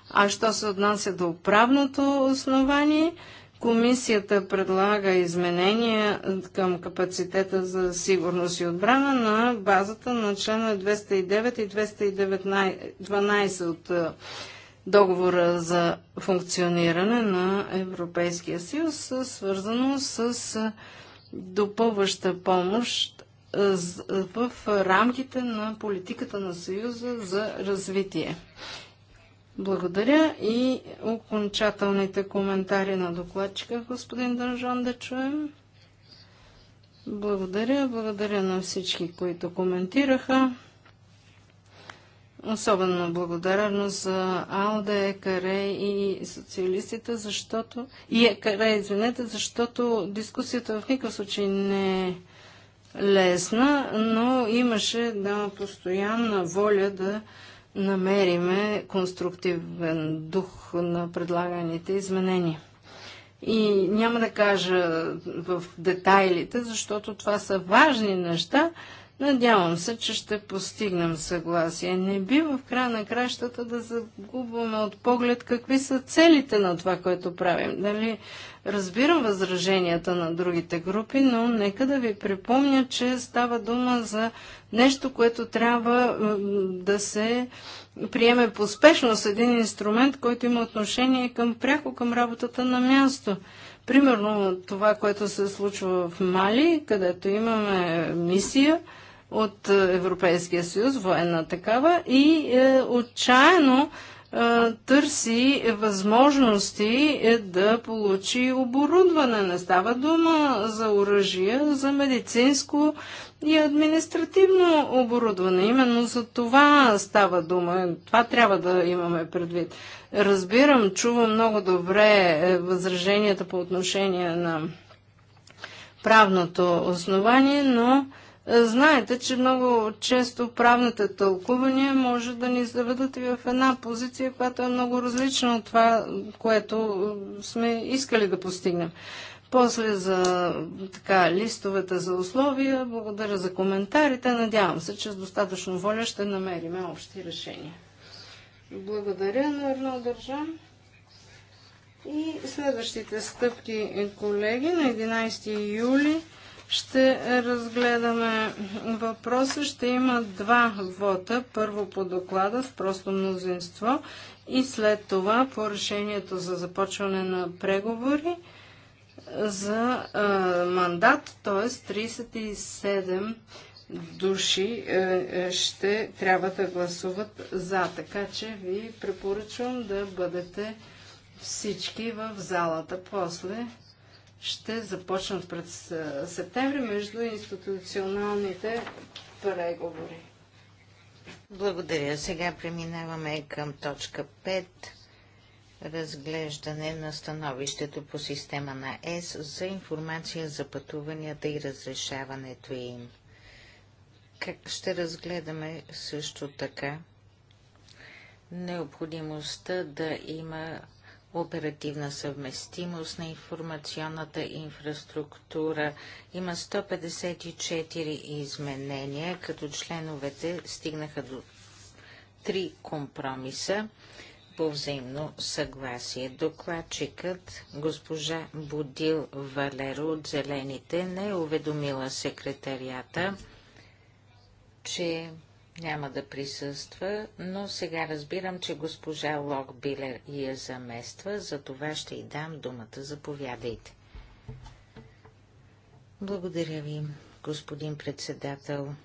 А що се отнася до правното основание, Комисията предлага изменения към капацитета за сигурност и отбрана на базата на члена 209 и 212 от е, договора за функциониране на Европейския съюз, свързано с е, допълваща помощ е, в рамките на политиката на Съюза за развитие. Благодаря и окончателните коментари на докладчика, господин Дънжон, да чуем. Благодаря, благодаря на всички, които коментираха. Особено благодарено за Алде, Екаре и социалистите, защото... И Екаре, извинете, защото дискусията в никакъв случай не е лесна, но имаше една постоянна воля да намериме конструктивен дух на предлаганите изменения. И няма да кажа в детайлите, защото това са важни неща, Надявам се, че ще постигнем съгласие. Не бива в края на кращата да загубваме от поглед какви са целите на това, което правим. Дали разбирам възраженията на другите групи, но нека да ви припомня, че става дума за нещо, което трябва да се приеме поспешно с един инструмент, който има отношение към пряко към работата на място. Примерно това, което се случва в Мали, където имаме мисия – от е, Европейския съюз, военна такава, и е, отчаяно е, търси възможности е, да получи оборудване. Не става дума за оръжие за медицинско и административно оборудване. Именно за това става дума. Това трябва да имаме предвид. Разбирам, чувам много добре е, възраженията по отношение на правното основание, но Знаете, че много често правните тълкувания може да ни заведат и в една позиция, която е много различна от това, което сме искали да постигнем. После за така, листовете за условия, благодаря за коментарите. Надявам се, че с достатъчно воля ще намерим общи решения. Благодаря на Арно Държан. И следващите стъпки, колеги, на 11 юли ще разгледаме въпроса. Ще има два вота. Първо по доклада с просто мнозинство и след това по решението за започване на преговори за а, мандат, т.е. 37 души е, е, ще трябва да гласуват за. Така че ви препоръчвам да бъдете всички в залата. После ще започнат през септември между институционалните преговори. Благодаря. Сега преминаваме към точка 5. Разглеждане на становището по система на ЕС за информация за пътуванията и разрешаването им. Как ще разгледаме също така необходимостта да има оперативна съвместимост на информационната инфраструктура. Има 154 изменения, като членовете стигнаха до три компромиса по взаимно съгласие. Докладчикът госпожа Будил Валеро от Зелените не е уведомила секретарията, че няма да присъства, но сега разбирам, че госпожа Лок Билер я замества, за това ще й дам думата. Заповядайте. Благодаря ви, господин председател.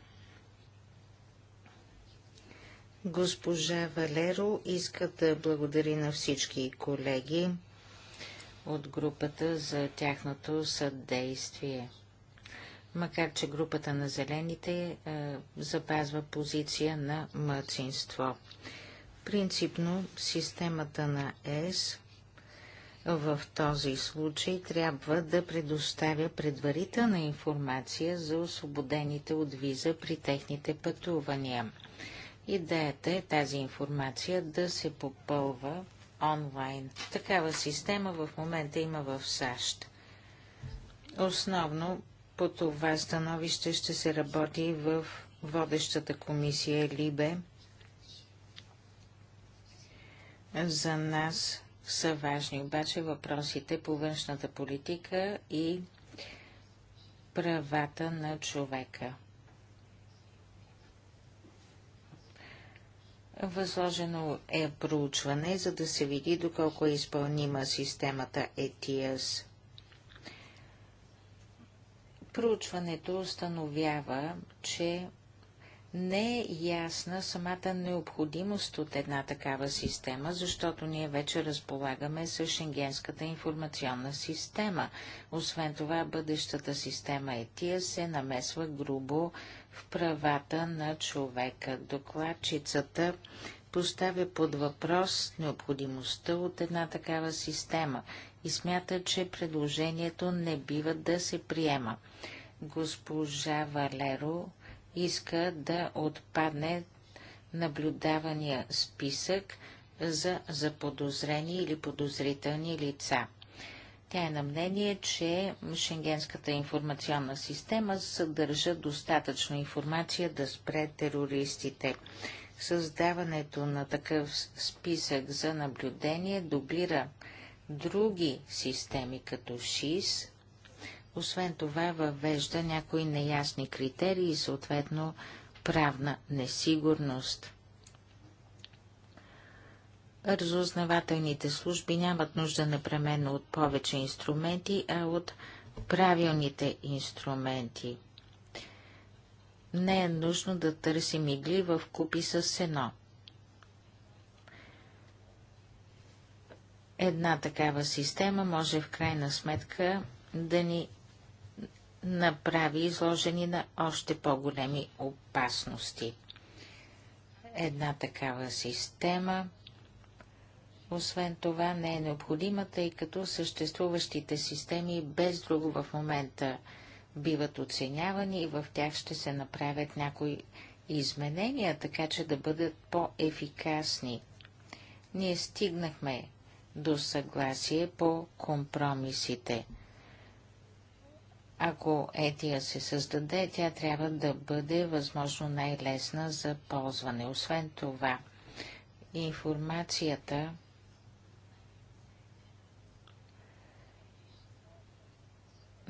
Госпожа Валеро иска да благодари на всички колеги от групата за тяхното съдействие макар че групата на зелените е, запазва позиция на мъцинство. Принципно системата на ЕС в този случай трябва да предоставя предварителна информация за освободените от виза при техните пътувания. Идеята е тази информация да се попълва онлайн. Такава система в момента има в САЩ. Основно по това становище ще се работи в водещата комисия Либе. За нас са важни обаче въпросите по външната политика и правата на човека. Възложено е проучване, за да се види доколко е изпълнима системата ETIAS. Проучването установява, че не е ясна самата необходимост от една такава система, защото ние вече разполагаме с Шенгенската информационна система. Освен това, бъдещата система ЕТИА се намесва грубо в правата на човека. Докладчицата поставя под въпрос необходимостта от една такава система и смята, че предложението не бива да се приема. Госпожа Валеро иска да отпадне наблюдавания списък за заподозрени или подозрителни лица. Тя е на мнение, че Шенгенската информационна система съдържа достатъчно информация да спре терористите. Създаването на такъв списък за наблюдение дублира други системи, като ШИС. Освен това, въвежда някои неясни критерии и съответно правна несигурност. Разузнавателните служби нямат нужда непременно от повече инструменти, а от правилните инструменти. Не е нужно да търсим игли в купи с сено. Една такава система може в крайна сметка да ни направи изложени на още по-големи опасности. Една такава система, освен това, не е необходима, тъй като съществуващите системи без друго в момента биват оценявани и в тях ще се направят някои изменения, така че да бъдат по-ефикасни. Ние стигнахме до съгласие по компромисите. Ако етия се създаде, тя трябва да бъде възможно най-лесна за ползване. Освен това, информацията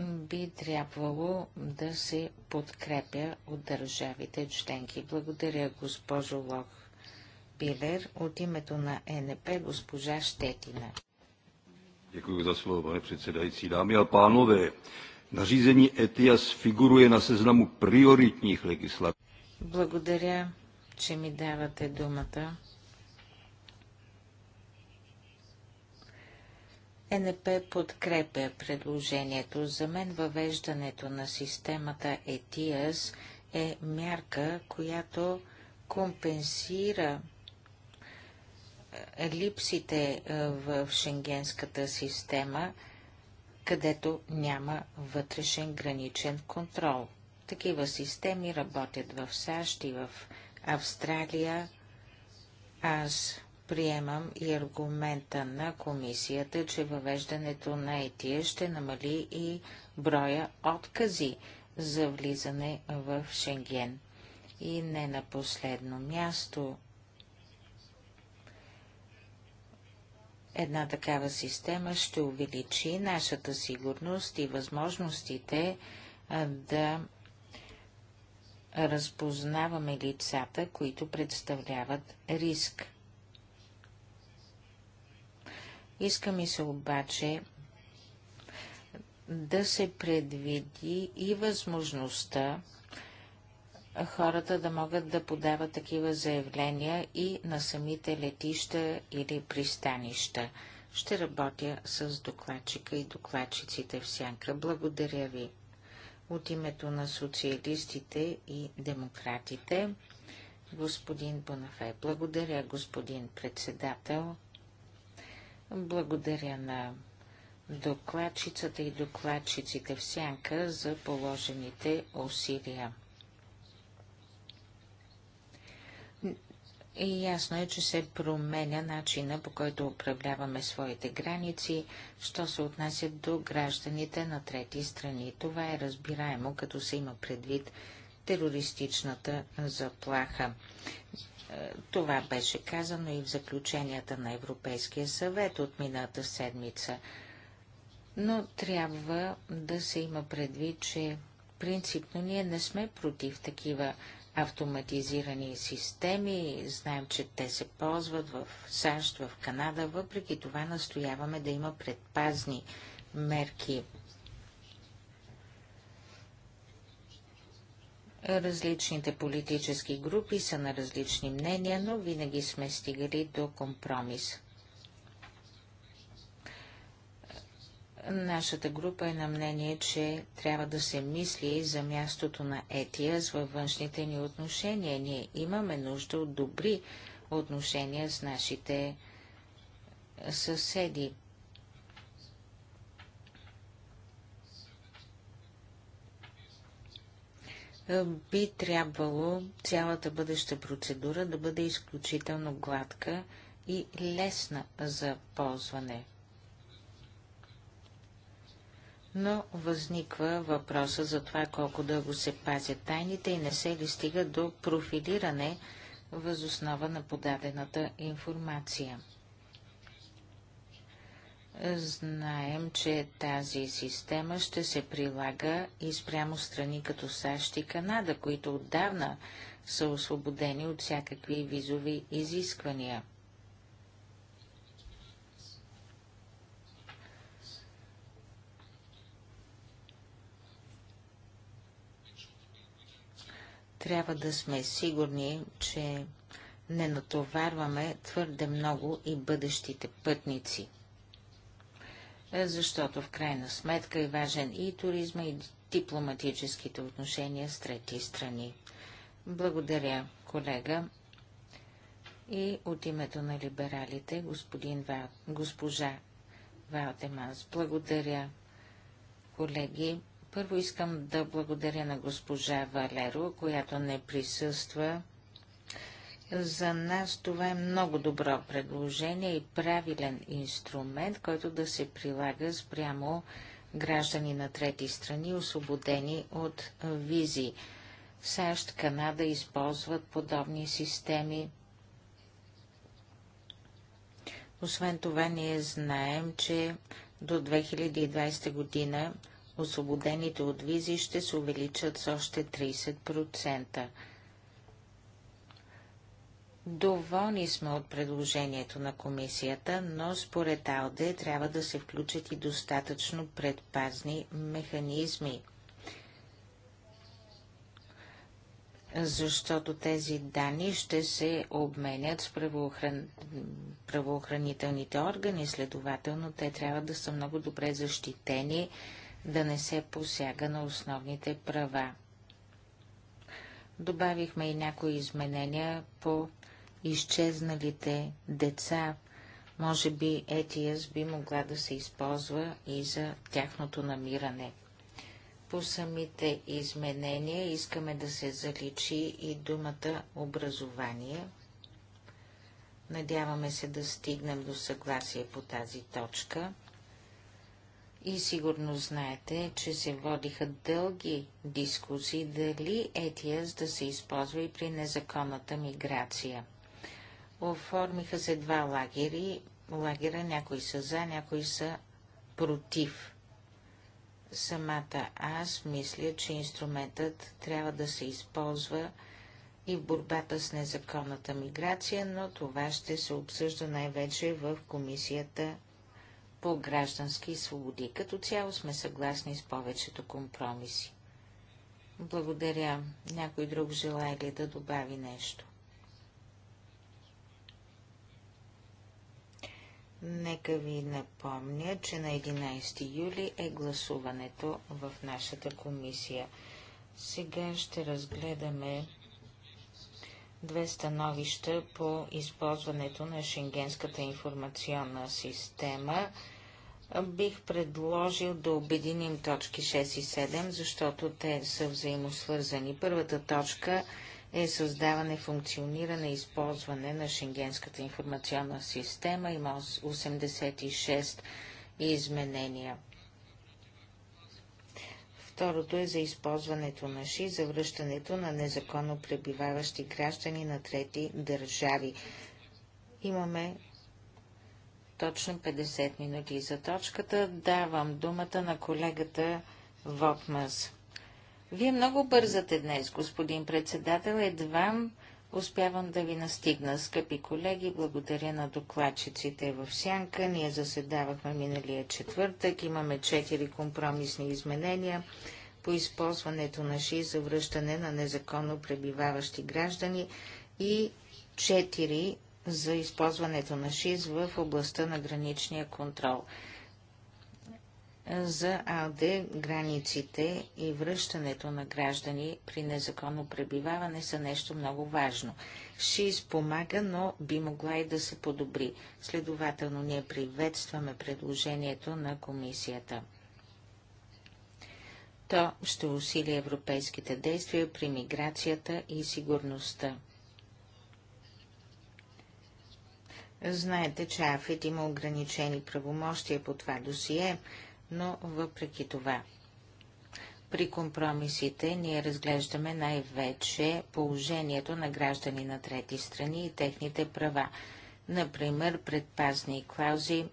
би трябвало да се подкрепя от държавите членки. Благодаря, госпожо Лох Пилер от името на ЕНП госпожа Штетина. Děkuji za slovo, pane předsedající. Dámy a pánové, nařízení ETIAS figuruje na seznamu prioritních legislativ. Благодаря, че ми давате думата. НП подкрепя предложението. За мен въвеждането на системата ETIAS е мярка, която компенсира липсите е, в шенгенската система, където няма вътрешен граничен контрол. Такива системи работят в САЩ и в Австралия. Аз приемам и аргумента на комисията, че въвеждането на ЕТИЕ ще намали и броя откази за влизане в Шенген. И не на последно място Една такава система ще увеличи нашата сигурност и възможностите да разпознаваме лицата, които представляват риск. Иска ми се обаче да се предвиди и възможността хората да могат да подават такива заявления и на самите летища или пристанища. Ще работя с докладчика и докладчиците в сянка. Благодаря ви. От името на социалистите и демократите, господин Бонафей, Благодаря, господин председател. Благодаря на докладчицата и докладчиците в сянка за положените усилия. И ясно е, че се променя начина по който управляваме своите граници, що се отнася до гражданите на трети страни. Това е разбираемо, като се има предвид терористичната заплаха. Е, това беше казано и в заключенията на Европейския съвет от мината седмица. Но трябва да се има предвид, че принципно ние не сме против такива автоматизирани системи. Знаем, че те се ползват в САЩ, в Канада. Въпреки това настояваме да има предпазни мерки. Различните политически групи са на различни мнения, но винаги сме стигали до компромис. Нашата група е на мнение, че трябва да се мисли за мястото на Етиас във външните ни отношения. Ние имаме нужда от добри отношения с нашите съседи. Би трябвало цялата бъдеща процедура да бъде изключително гладка и лесна за ползване но възниква въпроса за това колко дълго се пазят тайните и не се ли стига до профилиране възоснова на подадената информация. Знаем, че тази система ще се прилага и спрямо страни като САЩ и Канада, които отдавна са освободени от всякакви визови изисквания – трябва да сме сигурни, че не натоварваме твърде много и бъдещите пътници. Е, защото в крайна сметка е важен и туризма, и дипломатическите отношения с трети страни. Благодаря, колега. И от името на либералите, господин Ва... госпожа Валтемас, Благодаря, колеги. Първо искам да благодаря на госпожа Валеро, която не присъства. За нас това е много добро предложение и правилен инструмент, който да се прилага спрямо граждани на трети страни, освободени от визи. САЩ, Канада използват подобни системи. Освен това, ние знаем, че до 2020 година освободените от визи ще се увеличат с още 30%. Доволни сме от предложението на комисията, но според АЛДЕ трябва да се включат и достатъчно предпазни механизми, защото тези данни ще се обменят с правоохран... правоохранителните органи, следователно те трябва да са много добре защитени да не се посяга на основните права. Добавихме и някои изменения по изчезналите деца. Може би ЕТИАС би могла да се използва и за тяхното намиране. По самите изменения искаме да се заличи и думата образование. Надяваме се да стигнем до съгласие по тази точка. И сигурно знаете, че се водиха дълги дискусии дали ЕТИАС да се използва и при незаконната миграция. Оформиха се два лагери. Лагера някои са за, някои са против. Самата аз мисля, че инструментът трябва да се използва и в борбата с незаконната миграция, но това ще се обсъжда най-вече в комисията по граждански свободи. Като цяло сме съгласни с повечето компромиси. Благодаря. Някой друг желая ли да добави нещо? Нека ви напомня, че на 11 юли е гласуването в нашата комисия. Сега ще разгледаме две становища по използването на Шенгенската информационна система. Бих предложил да обединим точки 6 и 7, защото те са взаимосвързани. Първата точка е създаване, функциониране и използване на Шенгенската информационна система. Има 86 изменения. Второто е за използването на ШИ за връщането на незаконно пребиваващи граждани на трети държави. Имаме точно 50 минути за точката. Давам думата на колегата Вотмас. Вие много бързате днес, господин председател. Едва успявам да ви настигна. Скъпи колеги, благодаря на докладчиците в Сянка. Ние заседавахме миналия четвъртък. Имаме четири компромисни изменения по използването на ши за връщане на незаконно пребиваващи граждани и четири за използването на ШИЗ в областта на граничния контрол за АЛДЕ границите и връщането на граждани при незаконно пребиваване са нещо много важно. Ши спомага, но би могла и да се подобри. Следователно, ние приветстваме предложението на комисията. То ще усили европейските действия при миграцията и сигурността. Знаете, че АФИТ има ограничени правомощия по това досие, но въпреки това при компромисите ние разглеждаме най-вече положението на граждани на трети страни и техните права, например предпазни клаузи,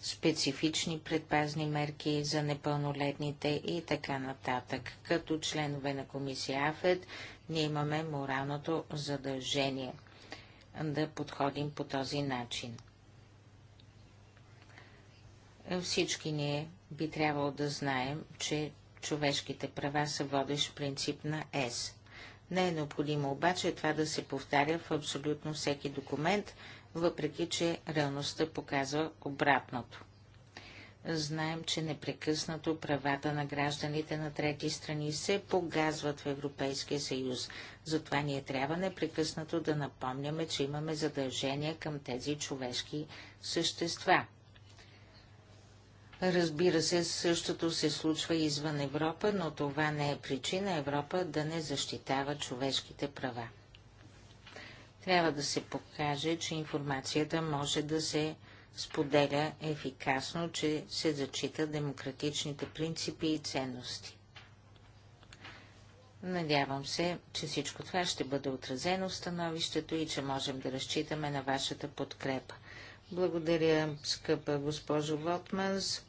специфични предпазни мерки за непълнолетните и така нататък. Като членове на комисия АФЕД ние имаме моралното задължение да подходим по този начин. Всички ние би трябвало да знаем, че човешките права са водещ принцип на ЕС. Не е необходимо обаче това да се повтаря в абсолютно всеки документ, въпреки че реалността показва обратното. Знаем, че непрекъснато правата на гражданите на трети страни се погазват в Европейския съюз. Затова ние трябва непрекъснато да напомняме, че имаме задължения към тези човешки същества – Разбира се, същото се случва извън Европа, но това не е причина Европа да не защитава човешките права. Трябва да се покаже, че информацията може да се споделя ефикасно, че се зачита демократичните принципи и ценности. Надявам се, че всичко това ще бъде отразено в становището и че можем да разчитаме на вашата подкрепа. Благодаря, скъпа госпожо Вотманс.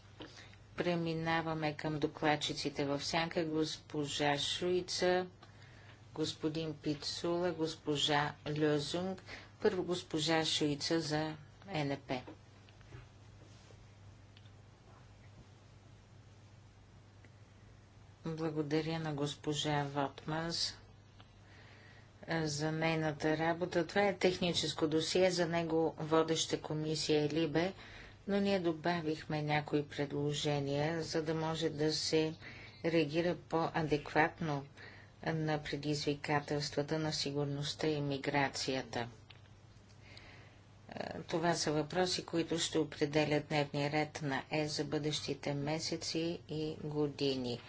Преминаваме към докладчиците в сянка. Госпожа Шуица, господин Пицула, госпожа Льозунг. Първо госпожа Шуица за НП. Благодаря на госпожа Вотманс за нейната работа. Това е техническо досие, за него водеща комисия е Либе но ние добавихме някои предложения, за да може да се реагира по-адекватно на предизвикателствата на сигурността и миграцията. Е, това са въпроси, които ще определят дневния ред на ЕС за бъдещите месеци и години.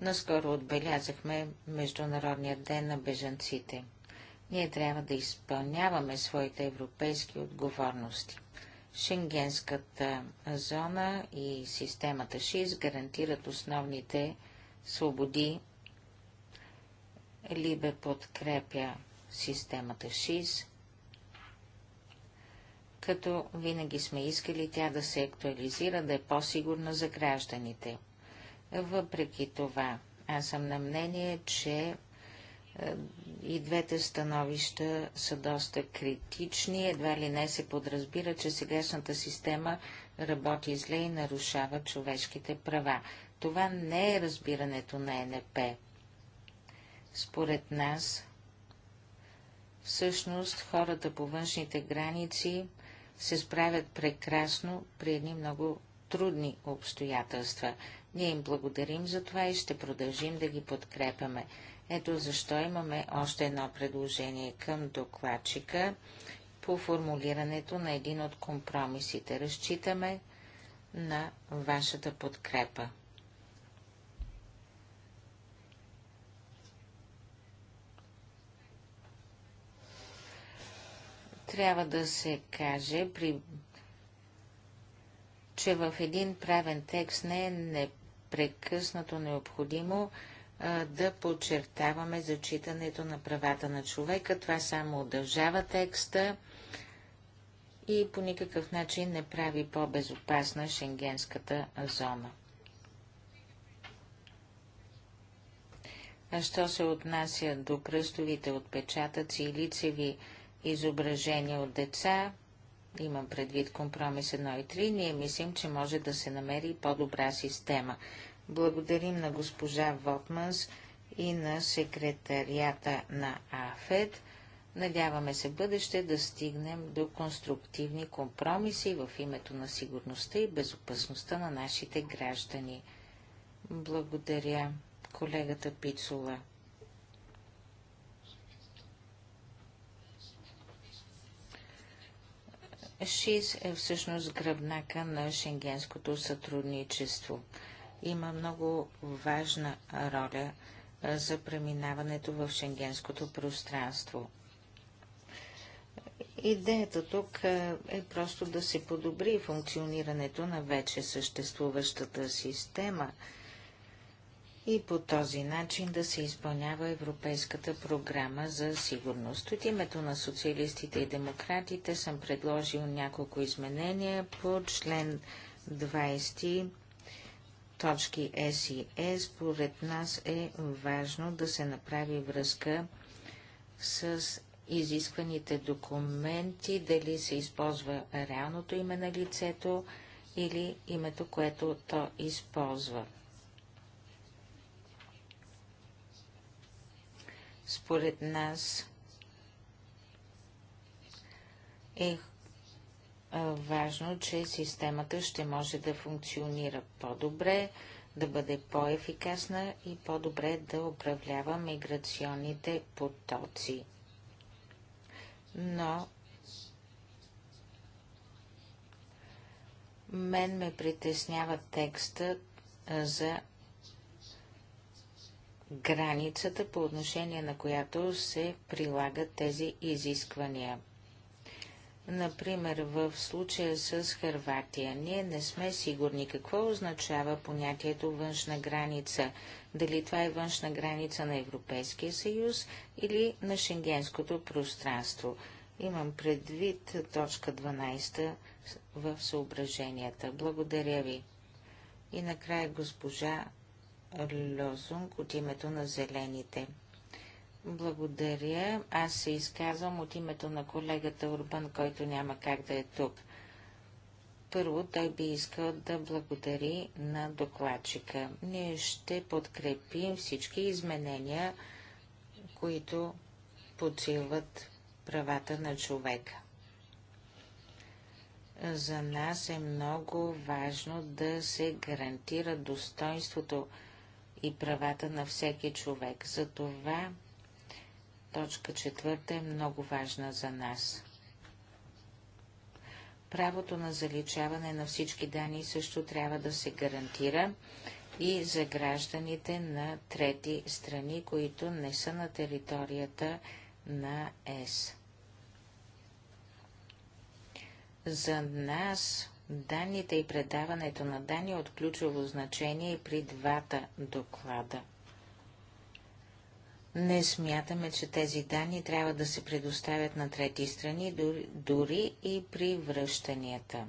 Наскоро отбелязахме Международния ден на бежанците. Ние трябва да изпълняваме своите европейски отговорности. Шенгенската зона и системата ШИС гарантират основните свободи. Либе подкрепя системата ШИС, като винаги сме искали тя да се актуализира, да е по-сигурна за гражданите. Въпреки това, аз съм на мнение, че е, и двете становища са доста критични. Едва ли не се подразбира, че сегашната система работи зле и нарушава човешките права. Това не е разбирането на НП. Според нас, всъщност хората по външните граници се справят прекрасно при едни много трудни обстоятелства. Ние им благодарим за това и ще продължим да ги подкрепяме. Ето защо имаме още едно предложение към докладчика по формулирането на един от компромисите. Разчитаме на вашата подкрепа. Трябва да се каже, при... че в един правен текст не е непрекъснато необходимо да подчертаваме зачитането на правата на човека. Това само удължава текста и по никакъв начин не прави по-безопасна шенгенската зона. А що се отнася до пръстовите отпечатъци и лицеви изображения от деца, имам предвид компромис 1 и 3, ние мислим, че може да се намери по-добра система. Благодарим на госпожа Вотманс и на секретарията на АФЕД. Надяваме се бъдеще да стигнем до конструктивни компромиси в името на сигурността и безопасността на нашите граждани. Благодаря, колегата Пицула. ШИС е всъщност гръбнака на шенгенското сътрудничество – има много важна роля за преминаването в шенгенското пространство. Идеята тук е просто да се подобри функционирането на вече съществуващата система и по този начин да се изпълнява Европейската програма за сигурност. От името на социалистите и демократите съм предложил няколко изменения по член 20 точки С и Е, според нас е важно да се направи връзка с изискваните документи, дали се използва реалното име на лицето или името, което то използва. Според нас е важно, че системата ще може да функционира по-добре, да бъде по-ефикасна и по-добре да управлява миграционните потоци. Но мен ме притеснява текста за границата, по отношение на която се прилагат тези изисквания – Например, в случая с Харватия, ние не сме сигурни какво означава понятието външна граница. Дали това е външна граница на Европейския съюз или на шенгенското пространство. Имам предвид точка 12 в съображенията. Благодаря ви. И накрая госпожа Лозунг от името на Зелените. Благодаря. Аз се изказвам от името на колегата Урбан, който няма как да е тук. Първо, той би искал да благодари на докладчика. Ние ще подкрепим всички изменения, които подсилват правата на човека. За нас е много важно да се гарантира достоинството и правата на всеки човек. Затова Точка четвърта е много важна за нас. Правото на заличаване на всички данни също трябва да се гарантира и за гражданите на трети страни, които не са на територията на ЕС. За нас данните и предаването на данни е от ключово значение и при двата доклада. Не смятаме, че тези данни трябва да се предоставят на трети страни, дори, дори и при връщанията.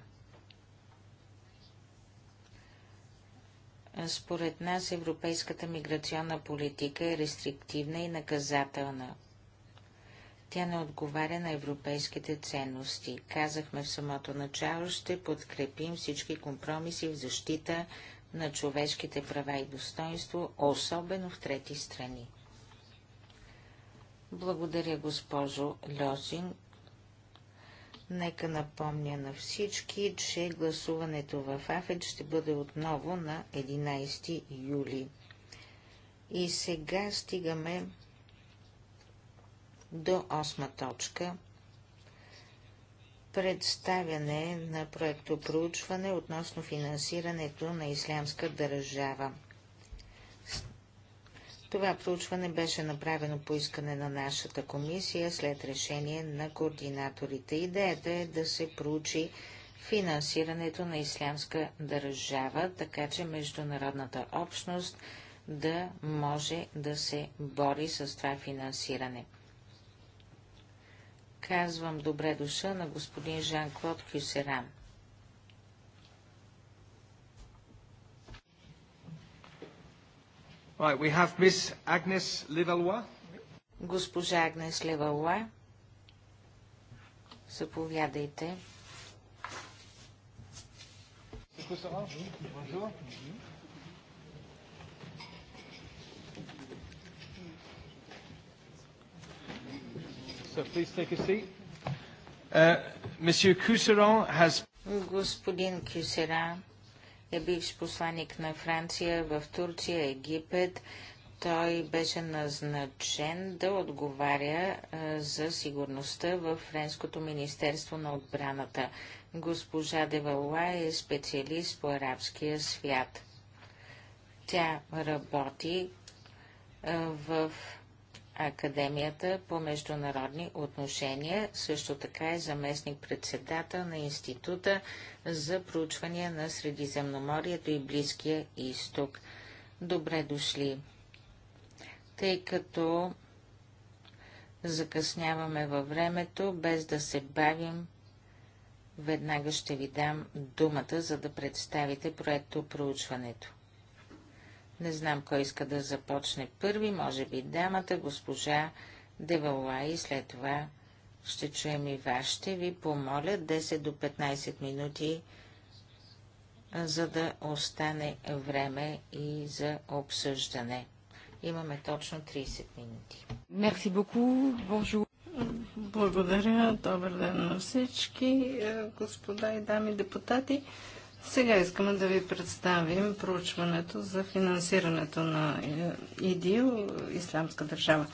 Според нас европейската миграционна политика е рестриктивна и наказателна. Тя не отговаря на европейските ценности. Казахме в самото начало, ще подкрепим всички компромиси в защита на човешките права и достоинство, особено в трети страни. Благодаря, госпожо Льосин. Нека напомня на всички, че гласуването в АФЕД ще бъде отново на 11 юли. И сега стигаме до осма точка представяне на проекто проучване относно финансирането на Ислямска държава. Това проучване беше направено по искане на нашата комисия след решение на координаторите. Идеята е да се проучи финансирането на ислямска държава, така че международната общност да може да се бори с това финансиране. Казвам добре душа на господин Жан-Клод Кюсеран – Right, we have Miss Agnes Livalois. Госпожа Агнес Левалуа, заповядайте. So please take a seat. Uh, Monsieur Cousseron has... Господин Кюсеран е бивш посланник на Франция в Турция, Египет. Той беше назначен да отговаря за сигурността в Френското министерство на отбраната. Госпожа Девалуа е специалист по арабския свят. Тя работи в Академията по международни отношения, също така е заместник-председател на Института за проучвания на Средиземноморието и Близкия изток. Добре дошли! Тъй като закъсняваме във времето, без да се бавим, веднага ще ви дам думата, за да представите проекто проучването. Не знам кой иска да започне първи, може би дамата, госпожа Девала и след това ще чуем и вас. Ще ви помоля 10 до 15 минути, за да остане време и за обсъждане. Имаме точно 30 минути. Мерси боку, Благодаря, добър ден на всички, е, господа и дами депутати. Сега искаме да ви представим проучването за финансирането на е, ИДИЛ, Исламска държава.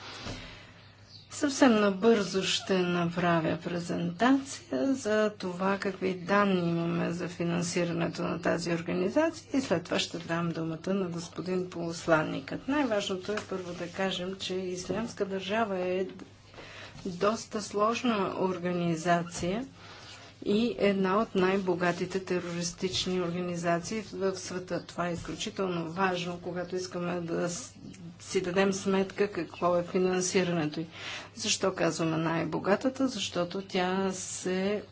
Съвсем набързо ще направя презентация за това какви данни имаме за финансирането на тази организация и след това ще дам думата на господин Полосланникът. Най-важното е първо да кажем, че Ислямска държава е доста сложна организация – и една от най-богатите терористични организации в света. Това е изключително важно, когато искаме да си дадем сметка какво е финансирането й. Защо казваме най-богатата? Защото тя се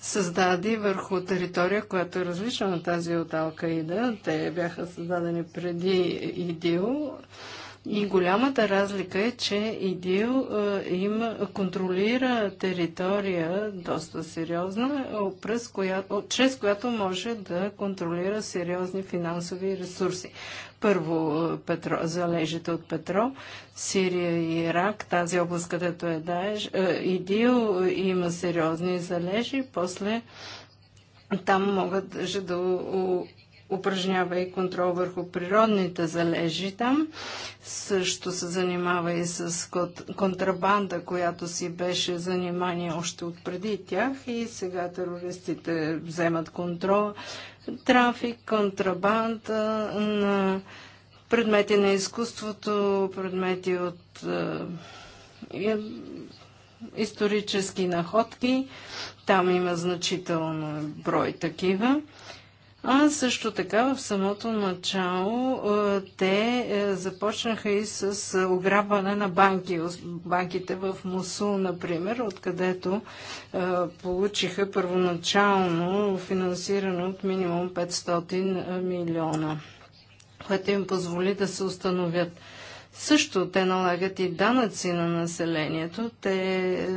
създаде върху територия, която е различна на тази от Алкаида. Те бяха създадени преди ИДИО. И голямата разлика е, че ИДИЛ е, им контролира територия доста сериозна, през коя, чрез която може да контролира сериозни финансови ресурси. Първо е, петро, залежите от Петро, Сирия и Ирак, тази област, където е Даеш, е, ИДИЛ има сериозни залежи, после там могат да упражнява и контрол върху природните залежи там. Също се занимава и с контрабанда, която си беше занимание още от преди тях и сега терористите вземат контрол. Трафик, контрабанда на предмети на изкуството, предмети от е, исторически находки. Там има значително брой такива. А също така в самото начало е, те е, започнаха и с е, ограбване на банки, банките в Мусул, например, откъдето получиха първоначално финансиране от минимум 500 милиона, което им позволи да се установят. Също те налагат и данъци на населението. Те,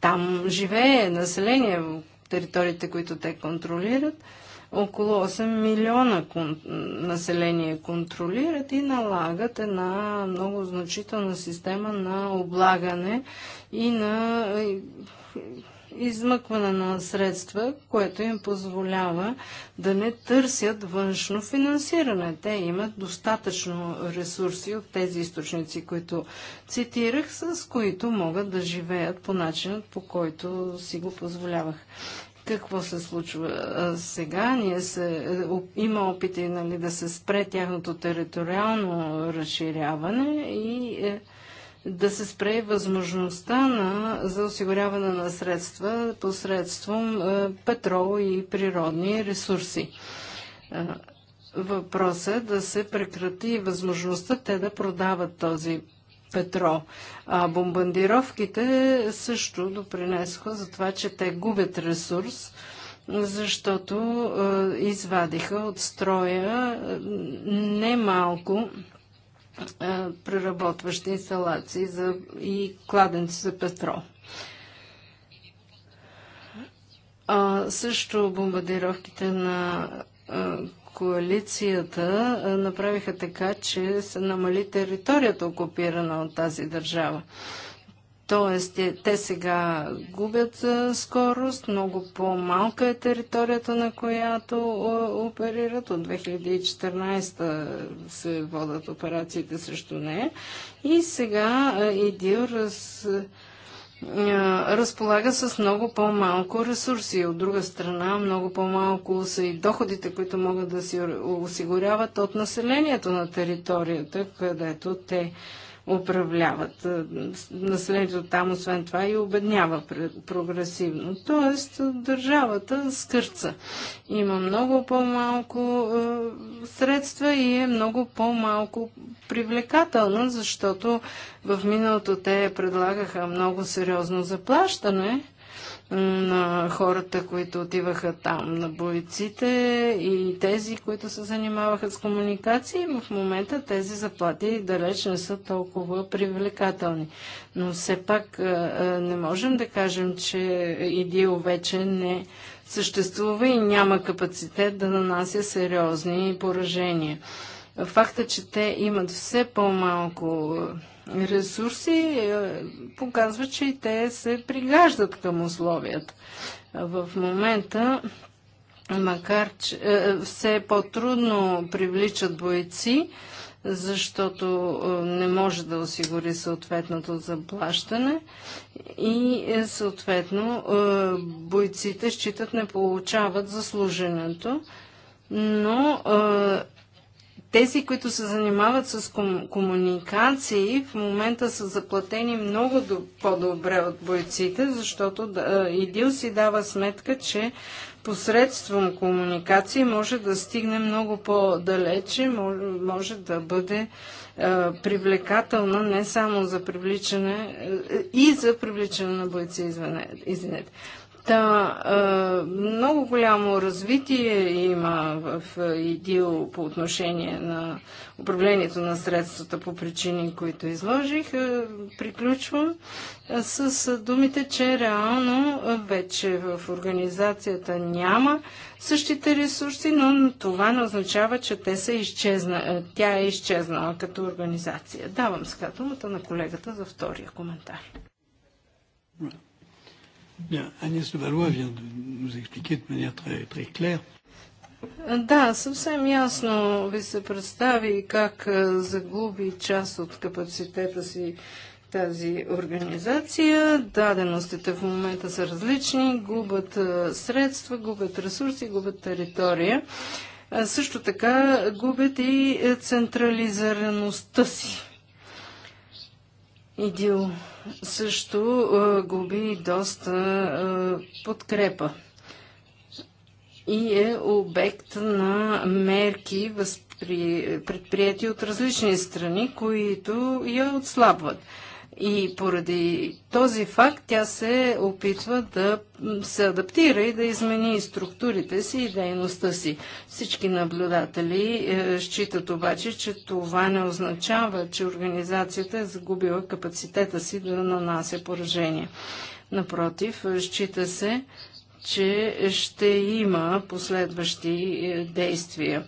там живее население в териториите, които те контролират – около 8 милиона кон... население контролират и налагат една много значителна система на облагане и на измъкване на средства, което им позволява да не търсят външно финансиране. Те имат достатъчно ресурси от тези източници, които цитирах, с които могат да живеят по начинът, по който си го позволявах какво се случва сега. Ние се, е, има опити нали, да се спре тяхното териториално разширяване и е, да се спре възможността на, за осигуряване на средства посредством е, петрол и природни ресурси. Въпросът е да се прекрати възможността те да продават този петро. А бомбардировките също допринесоха за това, че те губят ресурс, защото извадиха от строя немалко е, преработващи инсталации за, и кладенци за петрол. А, също бомбардировките на коалицията направиха така, че се намали територията, окупирана от тази държава. Тоест, те, сега губят скорост, много по-малка е територията, на която оперират. От 2014 се водат операциите срещу нея. И сега а, ИДИЛ раз, разполага с много по-малко ресурси. От друга страна, много по-малко са и доходите, които могат да си осигуряват от населението на територията, където те управляват. Населението там, освен това, и обеднява прогресивно. Тоест, държавата скърца. Има много по-малко е, средства и е много по-малко привлекателна, защото в миналото те предлагаха много сериозно заплащане, на хората, които отиваха там, на бойците и тези, които се занимаваха с комуникации. В момента тези заплати далеч не са толкова привлекателни. Но все пак не можем да кажем, че ИДИО вече не съществува и няма капацитет да нанася сериозни поражения. Факта, че те имат все по-малко ресурси, е, показва, че и те се пригаждат към условията. В момента, макар че е, е, все по-трудно привличат бойци, защото не може да осигури съответното заплащане и съответно бойците считат не получават заслуженото, но тези, които се занимават с комуникации, в момента са заплатени много по-добре от бойците, защото да, ИДИЛ си дава сметка, че посредством комуникации може да стигне много по-далече, може, може да бъде е, привлекателна не само за привличане е, и за привличане на бойци, извинете. Та, много голямо развитие има в ИДИО по отношение на управлението на средствата по причини, които изложих. Приключвам с думите, че реално вече в организацията няма същите ресурси, но това не означава, че те са изчезна, тя е изчезнала като организация. Давам скатумата на колегата за втория коментар. Bien, Agnès Valois vient de nous expliquer de manière très, très claire. Да, съвсем ясно ви се представи как е, загуби част от капацитета си тази организация. Даденостите в момента са различни, губят е, средства, губят ресурси, губят територия. Е, също така губят и централизираността си. Идио също губи доста подкрепа и е обект на мерки, възпри... предприяти от различни страни, които я отслабват. И поради този факт тя се опитва да се адаптира и да измени структурите си и дейността си. Всички наблюдатели е, считат обаче, че това не означава, че организацията е загубила капацитета си да нанася поражения. Напротив, е, счита се, че ще има последващи е, действия.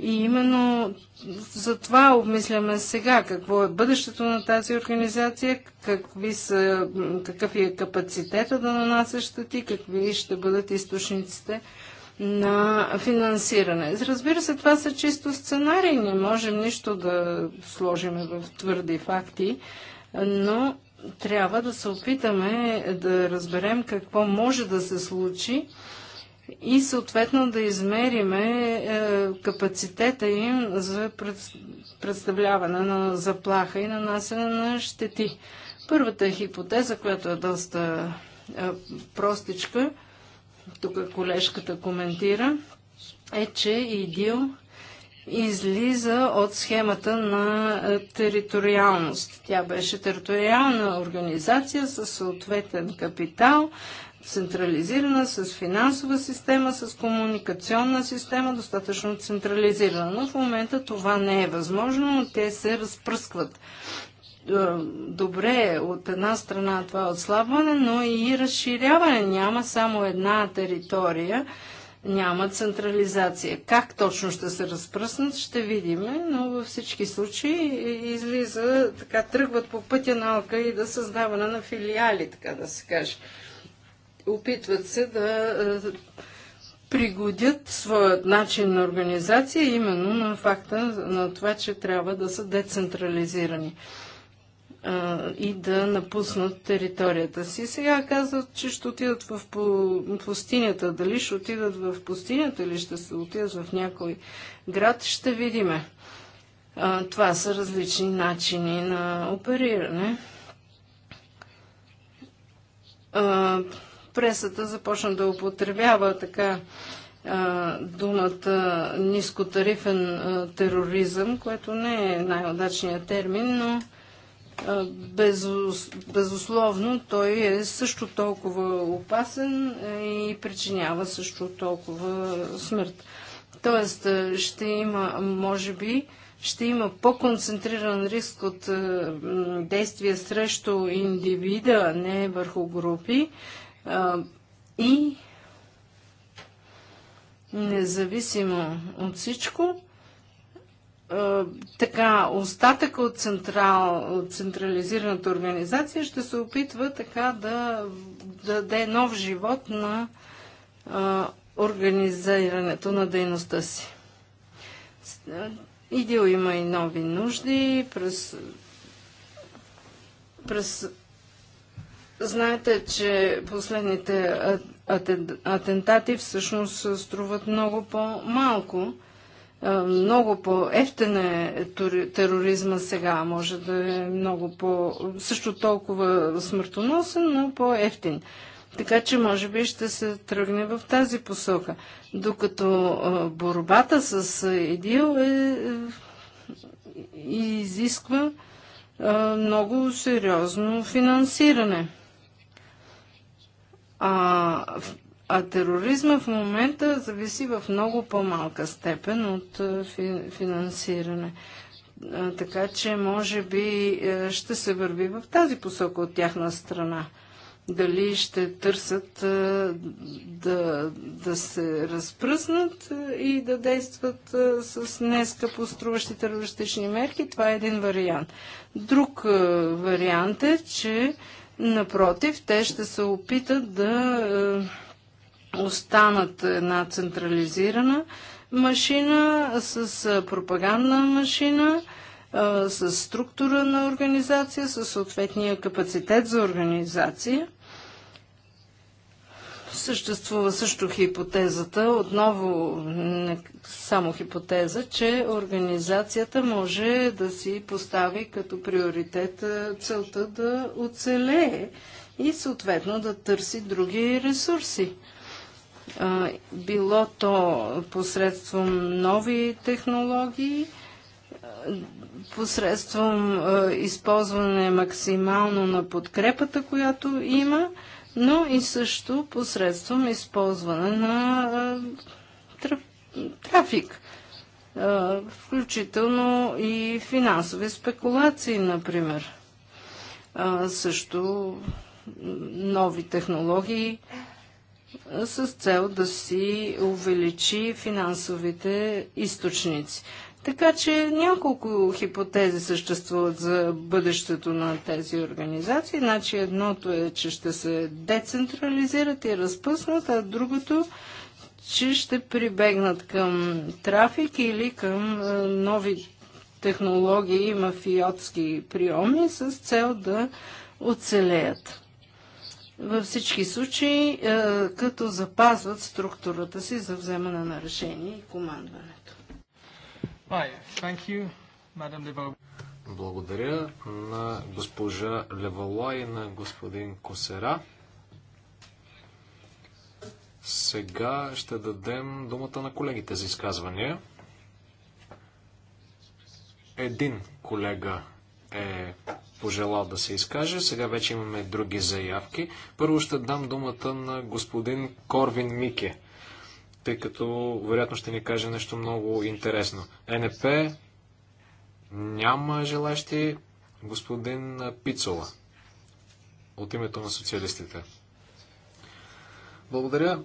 И именно за това обмисляме сега какво е бъдещето на тази организация, какви са, какъв е капацитета да нанася щети, какви ще бъдат източниците на финансиране. Разбира се, това са чисто сценарии, не можем нищо да сложим в твърди факти, но трябва да се опитаме да разберем какво може да се случи и съответно да измериме е, капацитета им за представляване на заплаха и нанасене на щети. Първата хипотеза, която е доста е, простичка, тук колежката коментира, е, че ИДИЛ излиза от схемата на е, териториалност. Тя беше териториална организация със съответен капитал, централизирана, с финансова система, с комуникационна система, достатъчно централизирана. Но в момента това не е възможно, те се разпръскват. Е, добре, е, от една страна това е отслабване, но и разширяване. Няма само една територия, няма централизация. Как точно ще се разпръснат, ще видим, но във всички случаи излиза, така тръгват по пътя на Алка и да създаване на филиали, така да се каже. Опитват се да е, пригодят своят начин на организация именно на факта на това, че трябва да са децентрализирани а, и да напуснат територията си. Сега казват, че ще отидат в пустинята. Дали ще отидат в пустинята или ще се отидат в някой град, ще видиме. А, това са различни начини на опериране. А, пресата започна да употребява така думата нискотарифен тероризъм, което не е най-удачният термин, но безусловно, той е също толкова опасен е, и причинява също толкова смърт. Тоест, е, ще има, може би, ще има по-концентриран риск от е, действия срещу индивида, а не върху групи. и независимо от всичко, е, така, остатъка от централ, от централизираната организация ще се опитва така да, да даде нов живот на а, е, организирането на дейността си. ИДИО има и нови нужди. През, през, знаете, че последните атентати всъщност струват много по-малко е, много по-ефтен е тероризма сега, може да е много по... също толкова смъртоносен, но по ефтен Така че може би ще се тръгне в тази посока. Докато е, борбата с е, ИДИЛ е, изисква много сериозно финансиране. А а тероризма в момента зависи в много по-малка степен от е, финансиране. Така че, може би, е, ще се върви в тази посока от тяхна страна. Дали ще търсят е, да, да се разпръснат и да действат с нескъпо струващи терористични мерки, това е един вариант. Друг вариант е, че, напротив, те ще се опитат да останат една централизирана машина с пропагандна машина, с структура на организация, с съответния капацитет за организация. Съществува също хипотезата, отново не само хипотеза, че организацията може да си постави като приоритет целта да оцелее и съответно да търси други ресурси било то посредством нови технологии, посредством използване максимално на подкрепата, която има, но и също посредством използване на трафик, включително и финансови спекулации, например. Също нови технологии, с цел да си увеличи финансовите източници. Така че няколко хипотези съществуват за бъдещето на тези организации. Значи едното е, че ще се децентрализират и разпъснат, а другото, че ще прибегнат към трафик или към е, нови технологии и мафиотски приеми с цел да оцелеят във всички случаи, е, като запазват структурата си за вземане на решение и командването. Благодаря на госпожа Левала и на господин Косера. Сега ще дадем думата на колегите за изказвания. Един колега е пожелал да се изкаже. Сега вече имаме други заявки. Първо ще дам думата на господин Корвин Мике, тъй като вероятно ще ни каже нещо много интересно. НП няма желащи господин Пицола от името на социалистите. Благодаря.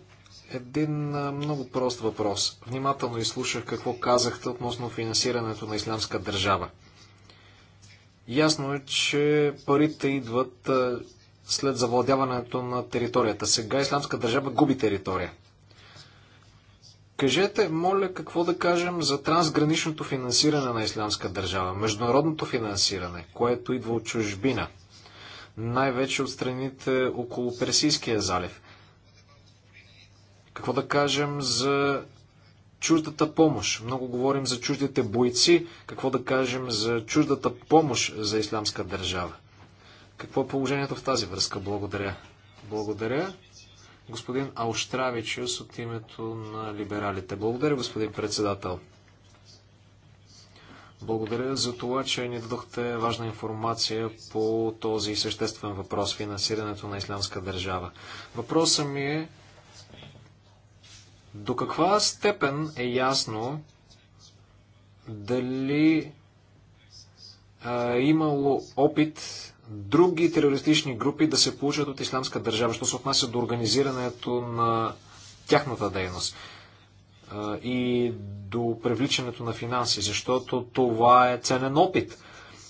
Един много прост въпрос. Внимателно изслушах какво казахте относно финансирането на Ислямска държава. Ясно е, че парите идват след завладяването на територията. Сега Исламска държава губи територия. Кажете, моля, какво да кажем за трансграничното финансиране на Исламска държава, международното финансиране, което идва от чужбина, най-вече от страните около Персийския залив. Какво да кажем за чуждата помощ. Много говорим за чуждите бойци. Какво да кажем за чуждата помощ за ислямска държава? Какво е положението в тази връзка? Благодаря. Благодаря. Господин Аустравичус от името на либералите. Благодаря, господин председател. Благодаря за това, че ни дадохте важна информация по този съществен въпрос финансирането на Ислямска държава. Въпросът ми е до каква степен е ясно дали е имало опит други терористични групи да се получат от исламска държава, що се отнася до организирането на тяхната дейност и до привличането на финанси, защото това е ценен опит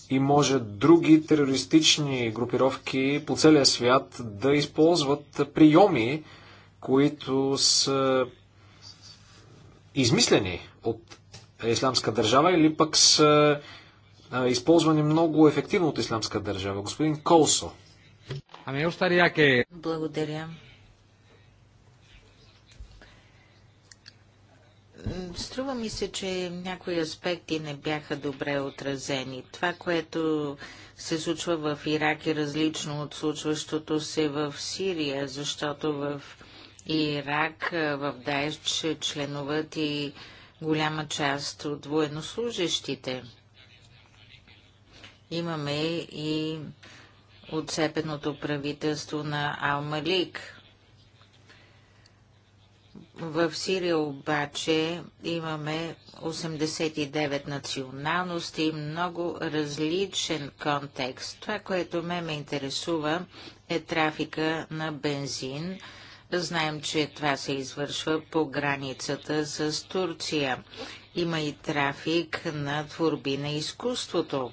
и може други терористични групировки по целия свят да използват приеми, които са измислени от Исламска държава или пък са използвани много ефективно от Исламска държава. Господин Колсо. Благодаря. Струва ми се, че някои аспекти не бяха добре отразени. Това, което се случва в Ирак е различно от случващото се в Сирия, защото в Ирак в Даеш членуват и голяма част от военнослужащите. Имаме и отцепеното правителство на Алмалик. В Сирия обаче имаме 89 националности и много различен контекст. Това, което ме ме интересува е трафика на бензин – Знаем, че това се извършва по границата с Турция. Има и трафик на творби на изкуството,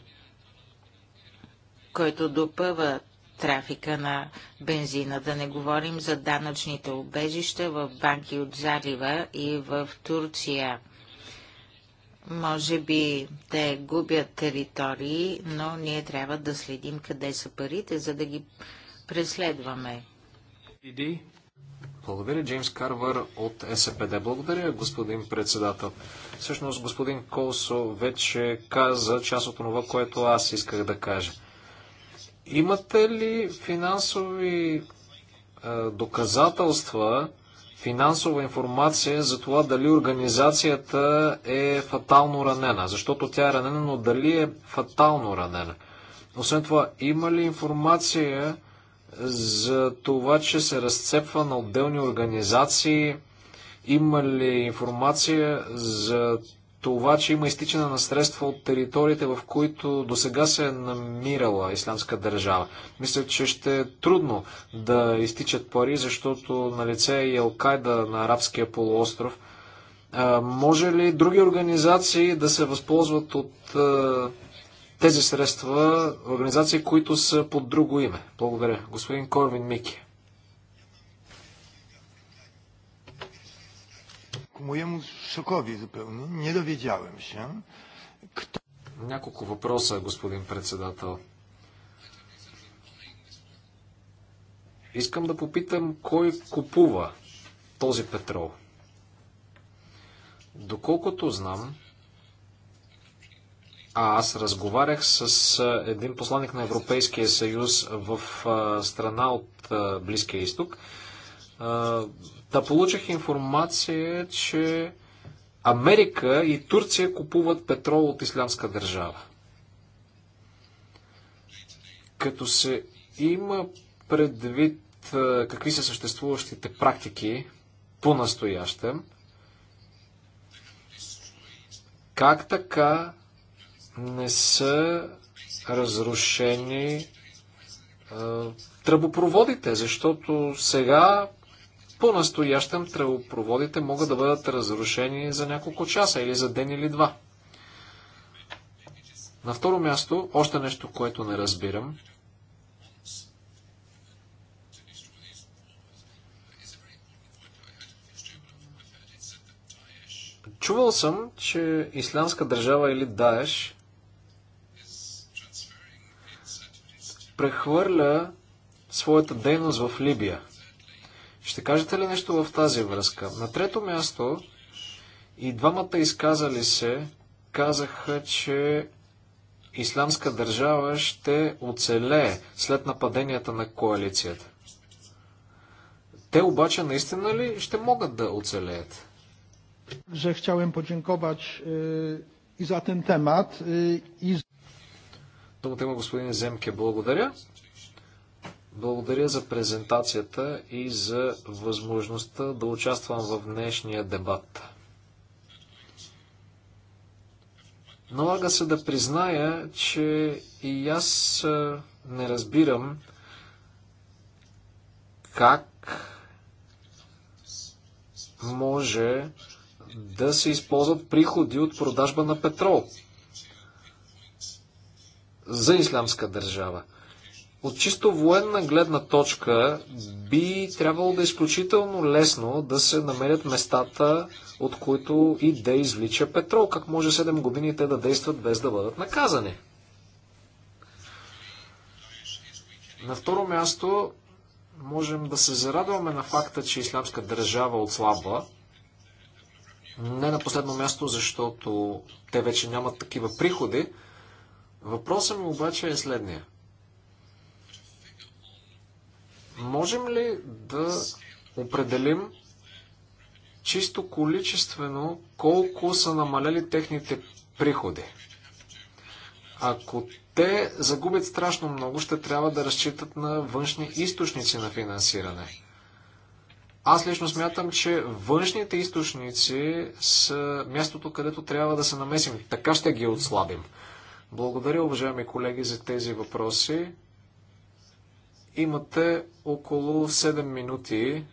който допъва трафика на бензина. Да не говорим за данъчните обежища в банки от залива и в Турция. Може би те губят територии, но ние трябва да следим къде са парите, за да ги преследваме. Благодаря, Джеймс Карвар от СПД. Благодаря, господин председател. Всъщност, господин Колсо вече каза част от това, което аз исках да кажа. Имате ли финансови е, доказателства, финансова информация за това дали организацията е фатално ранена? Защото тя е ранена, но дали е фатално ранена? Освен това, има ли информация за това, че се разцепва на отделни организации? Има ли информация за това, че има изтичане на средства от териториите, в които до сега се е намирала ислямска държава. Мисля, че ще е трудно да изтичат пари, защото на лице е и Алкайда на арабския полуостров. А, може ли други организации да се възползват от а, тези средства организации, които са под друго име. Благодаря. Господин Корвин Мики. моему шокови запълни, не довидявам се. Кто... Няколко въпроса, господин председател. Искам да попитам кой купува този петрол. Доколкото знам, а аз разговарях с един посланник на Европейския съюз в страна от Близкия изток. Да получих информация, че Америка и Турция купуват петрол от Ислямска държава. Като се има предвид какви са съществуващите практики по-настоящем, как така не са разрушени а, тръбопроводите, защото сега по-настоящем тръбопроводите могат да бъдат разрушени за няколко часа или за ден или два. На второ място, още нещо, което не разбирам. Чувал съм, че Ислямска държава или Даеш прехвърля своята дейност в Либия. Ще кажете ли нещо в тази връзка? На трето място и двамата изказали се казаха, че Исламска държава ще оцелее след нападенията на коалицията. Те обаче наистина ли ще могат да оцелеят? Że chciałem е, и за тен темат, е, и за... Думата има господин Земке. Благодаря. Благодаря за презентацията и за възможността да участвам в днешния дебат. Налага се да призная, че и аз не разбирам как може да се използват приходи от продажба на петрол за ислямска държава. От чисто военна гледна точка би трябвало да е изключително лесно да се намерят местата, от които и да извлича петрол. Как може 7 години те да действат без да бъдат наказани? На второ място можем да се зарадваме на факта, че ислямска държава отслабва. Не на последно място, защото те вече нямат такива приходи, Въпросът ми обаче е следния. Можем ли да определим чисто количествено колко са намалели техните приходи? Ако те загубят страшно много, ще трябва да разчитат на външни източници на финансиране. Аз лично смятам, че външните източници са мястото, където трябва да се намесим. Така ще ги отслабим. Благодаря, уважаеми колеги, за тези въпроси. Имате около 7 минути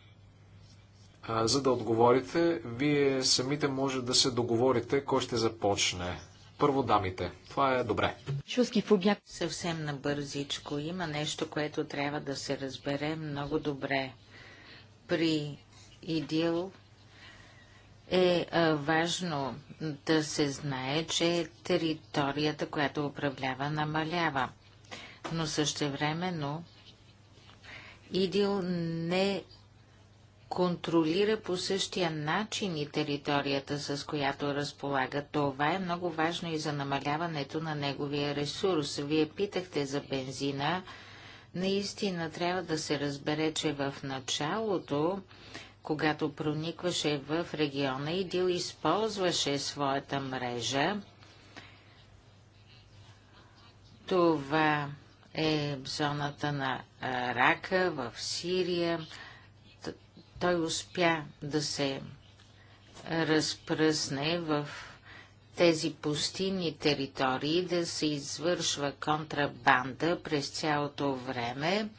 а, за да отговорите. Вие самите може да се договорите кой ще започне. Първо дамите. Това е добре. Чуски фубяк. Съвсем набързичко. Има нещо, което трябва да се разбере много добре. При идил е важно да се знае, че територията, която управлява, намалява. Но същевременно ИДИЛ не контролира по същия начин и територията, с която разполага. Това е много важно и за намаляването на неговия ресурс. Вие питахте за бензина. Наистина трябва да се разбере, че в началото когато проникваше в региона, ИДИЛ използваше своята мрежа. Това е зоната на Рака в Сирия. Той успя да се разпръсне в тези пустинни територии, да се извършва контрабанда през цялото време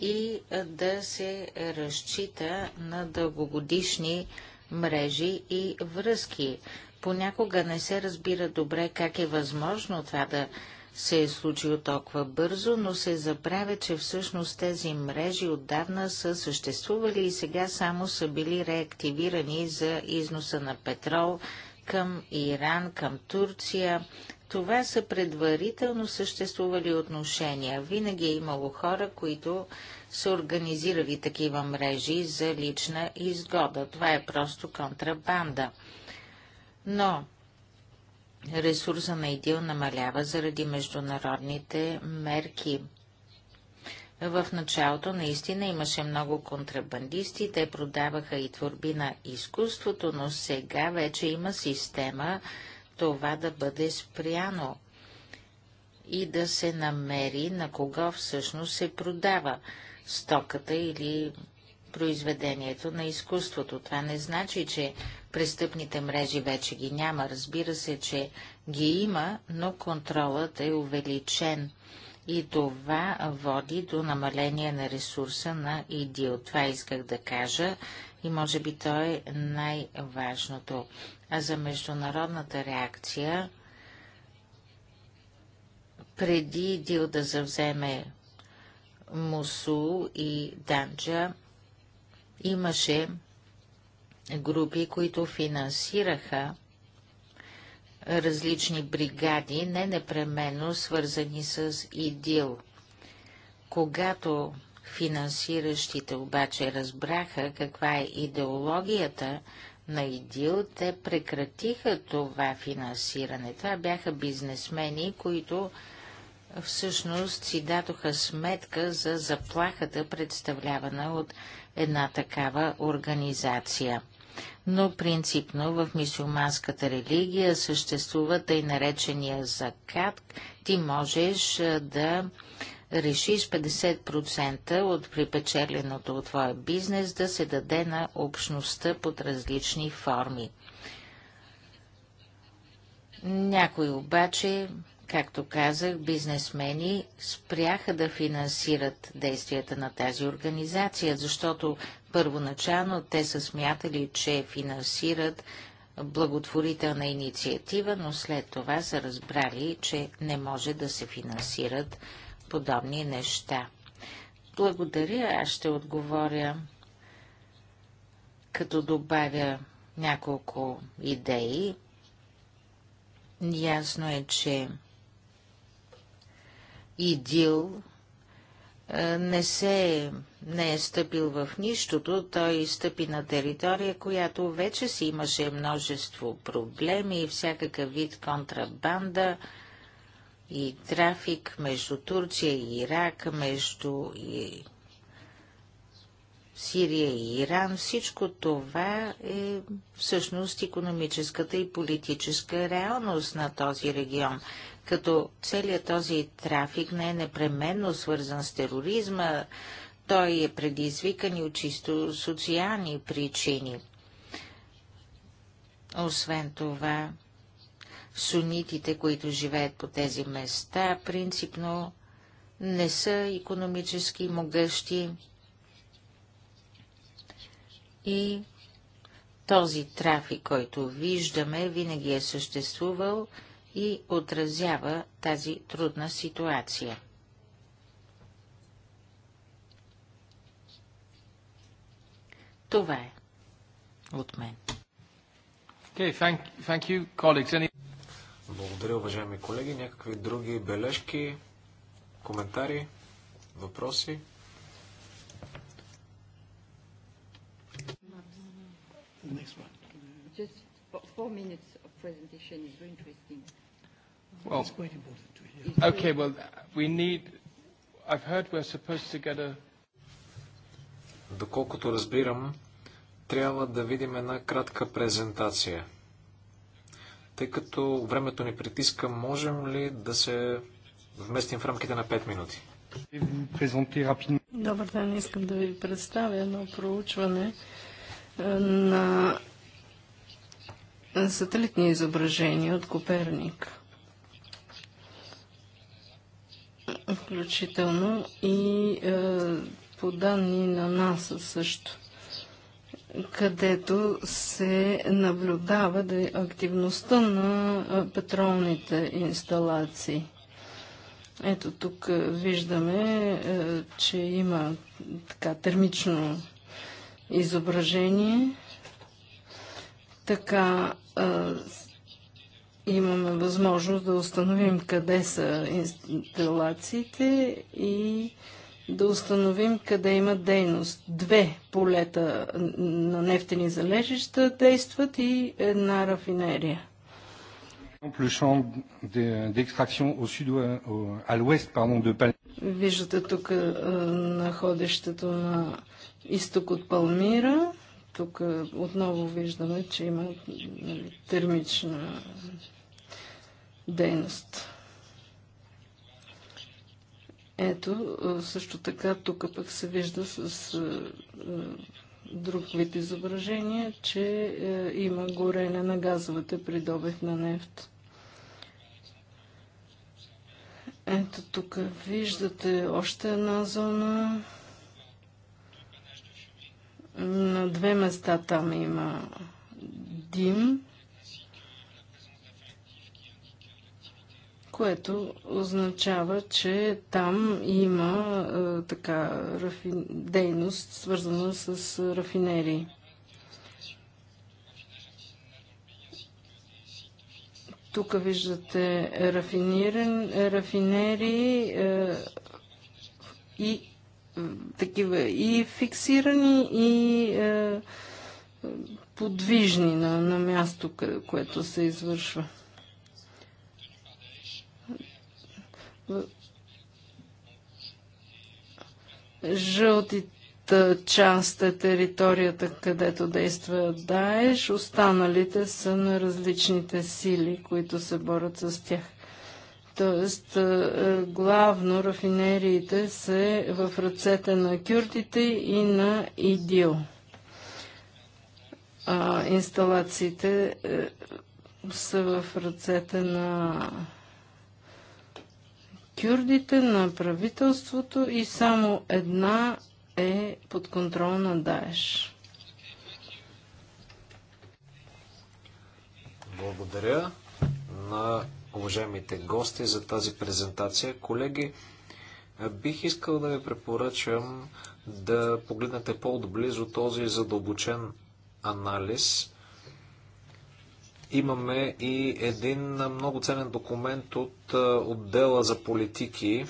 и е, да се разчита на дългогодишни мрежи и връзки. Понякога не се разбира добре как е възможно това да се е случило толкова бързо, но се забравя, че всъщност тези мрежи отдавна са съществували и сега само са били реактивирани за износа на петрол към Иран, към Турция, това са предварително съществували отношения. Винаги е имало хора, които са организирали такива мрежи за лична изгода. Това е просто контрабанда. Но ресурса на ИДИЛ намалява заради международните мерки. В началото наистина имаше много контрабандисти, те продаваха и творби на изкуството, но сега вече има система това да бъде спряно и да се намери на кого всъщност се продава стоката или произведението на изкуството. Това не значи, че престъпните мрежи вече ги няма. Разбира се, че ги има, но контролът е увеличен. И това води до намаление на ресурса на идио. Това исках да кажа и може би то е най-важното. А за международната реакция, преди Дил да завземе Мусул и Данджа, имаше групи, които финансираха различни бригади, не непременно свързани с ИДИЛ. Когато Финансиращите обаче разбраха каква е идеологията на ИДИЛ, те прекратиха това финансиране. Това бяха бизнесмени, които всъщност си дадоха сметка за заплахата, представлявана от една такава организация. Но принципно в мисюлманската религия съществува тъй наречения закат. Ти можеш да решиш 50% от припечеленото от твоя бизнес да се даде на общността под различни форми. Някои обаче, както казах, бизнесмени спряха да финансират действията на тази организация, защото първоначално те са смятали, че финансират благотворителна инициатива, но след това са разбрали, че не може да се финансират подобни неща. Благодаря, аз ще отговоря, като добавя няколко идеи. Ясно е, че идил е, не се не е стъпил в нищото, той стъпи на територия, която вече си имаше множество проблеми и всякакъв вид контрабанда, и трафик между Турция и Ирак, между и... Сирия и Иран, всичко това е всъщност економическата и политическа реалност на този регион. Като целият този трафик не е непременно свързан с тероризма, той е предизвикан и от чисто социални причини. Освен това, сунитите, които живеят по тези места, принципно не са економически могъщи и този трафик, който виждаме, винаги е съществувал и отразява тази трудна ситуация. Това е от мен. Okay, thank, thank you, colleagues. Any... Благодаря, уважаеми колеги. Някакви други бележки, коментари, въпроси? Доколкото разбирам, трябва да видим една кратка презентация. Тъй като времето ни притиска, можем ли да се вместим в рамките на 5 минути? Добър ден, искам да ви представя едно проучване е, на сателитни изображения от Коперник. Включително и е, по данни на НАСА също където се наблюдава е активността на петролните инсталации. Ето тук виждаме, че има така термично изображение. Така имаме възможност да установим къде са инсталациите и да установим къде има дейност. Две полета на нефтени залежища действат и една рафинерия. Euh, Виждате тук е, находището на изток от Палмира. Тук е, отново виждаме, че има нали, термична дейност. Ето, също така, тук пък се вижда с друг вид изображение, че има горене на газовете при добив на нефт. Ето тук виждате още една зона. На две места там има дим. което означава, че там има а, е, така рафи... дейност, свързана с рафинерии. Тук виждате рафиниран, рафинери а, е, и такива и фиксирани, и е, подвижни на, на място, което се извършва. Жълтите част е територията, където действа Даеш, останалите са на различните сили, които се борят с тях. Тоест, е, е, главно рафинериите са в ръцете на кюртите и на ИДИЛ. А, инсталациите е, са в ръцете на кюрдите, на правителството и само една е под контрол на Даеш. Благодаря на уважаемите гости за тази презентация. Колеги, бих искал да ви препоръчам да погледнете по-отблизо този задълбочен анализ Имаме и един много ценен документ от е, отдела за политики.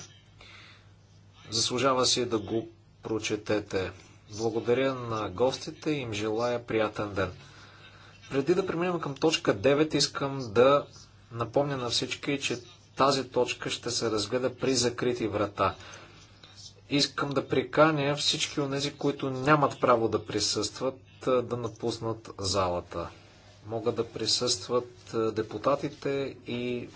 Заслужава си да го прочетете. Благодаря на гостите и им желая приятен ден. Преди да преминем към точка 9, искам да напомня на всички, че тази точка ще се разгледа при закрити врата. Искам да приканя всички от тези, които нямат право да присъстват, е, да напуснат залата. Могат да присъстват е, депутатите и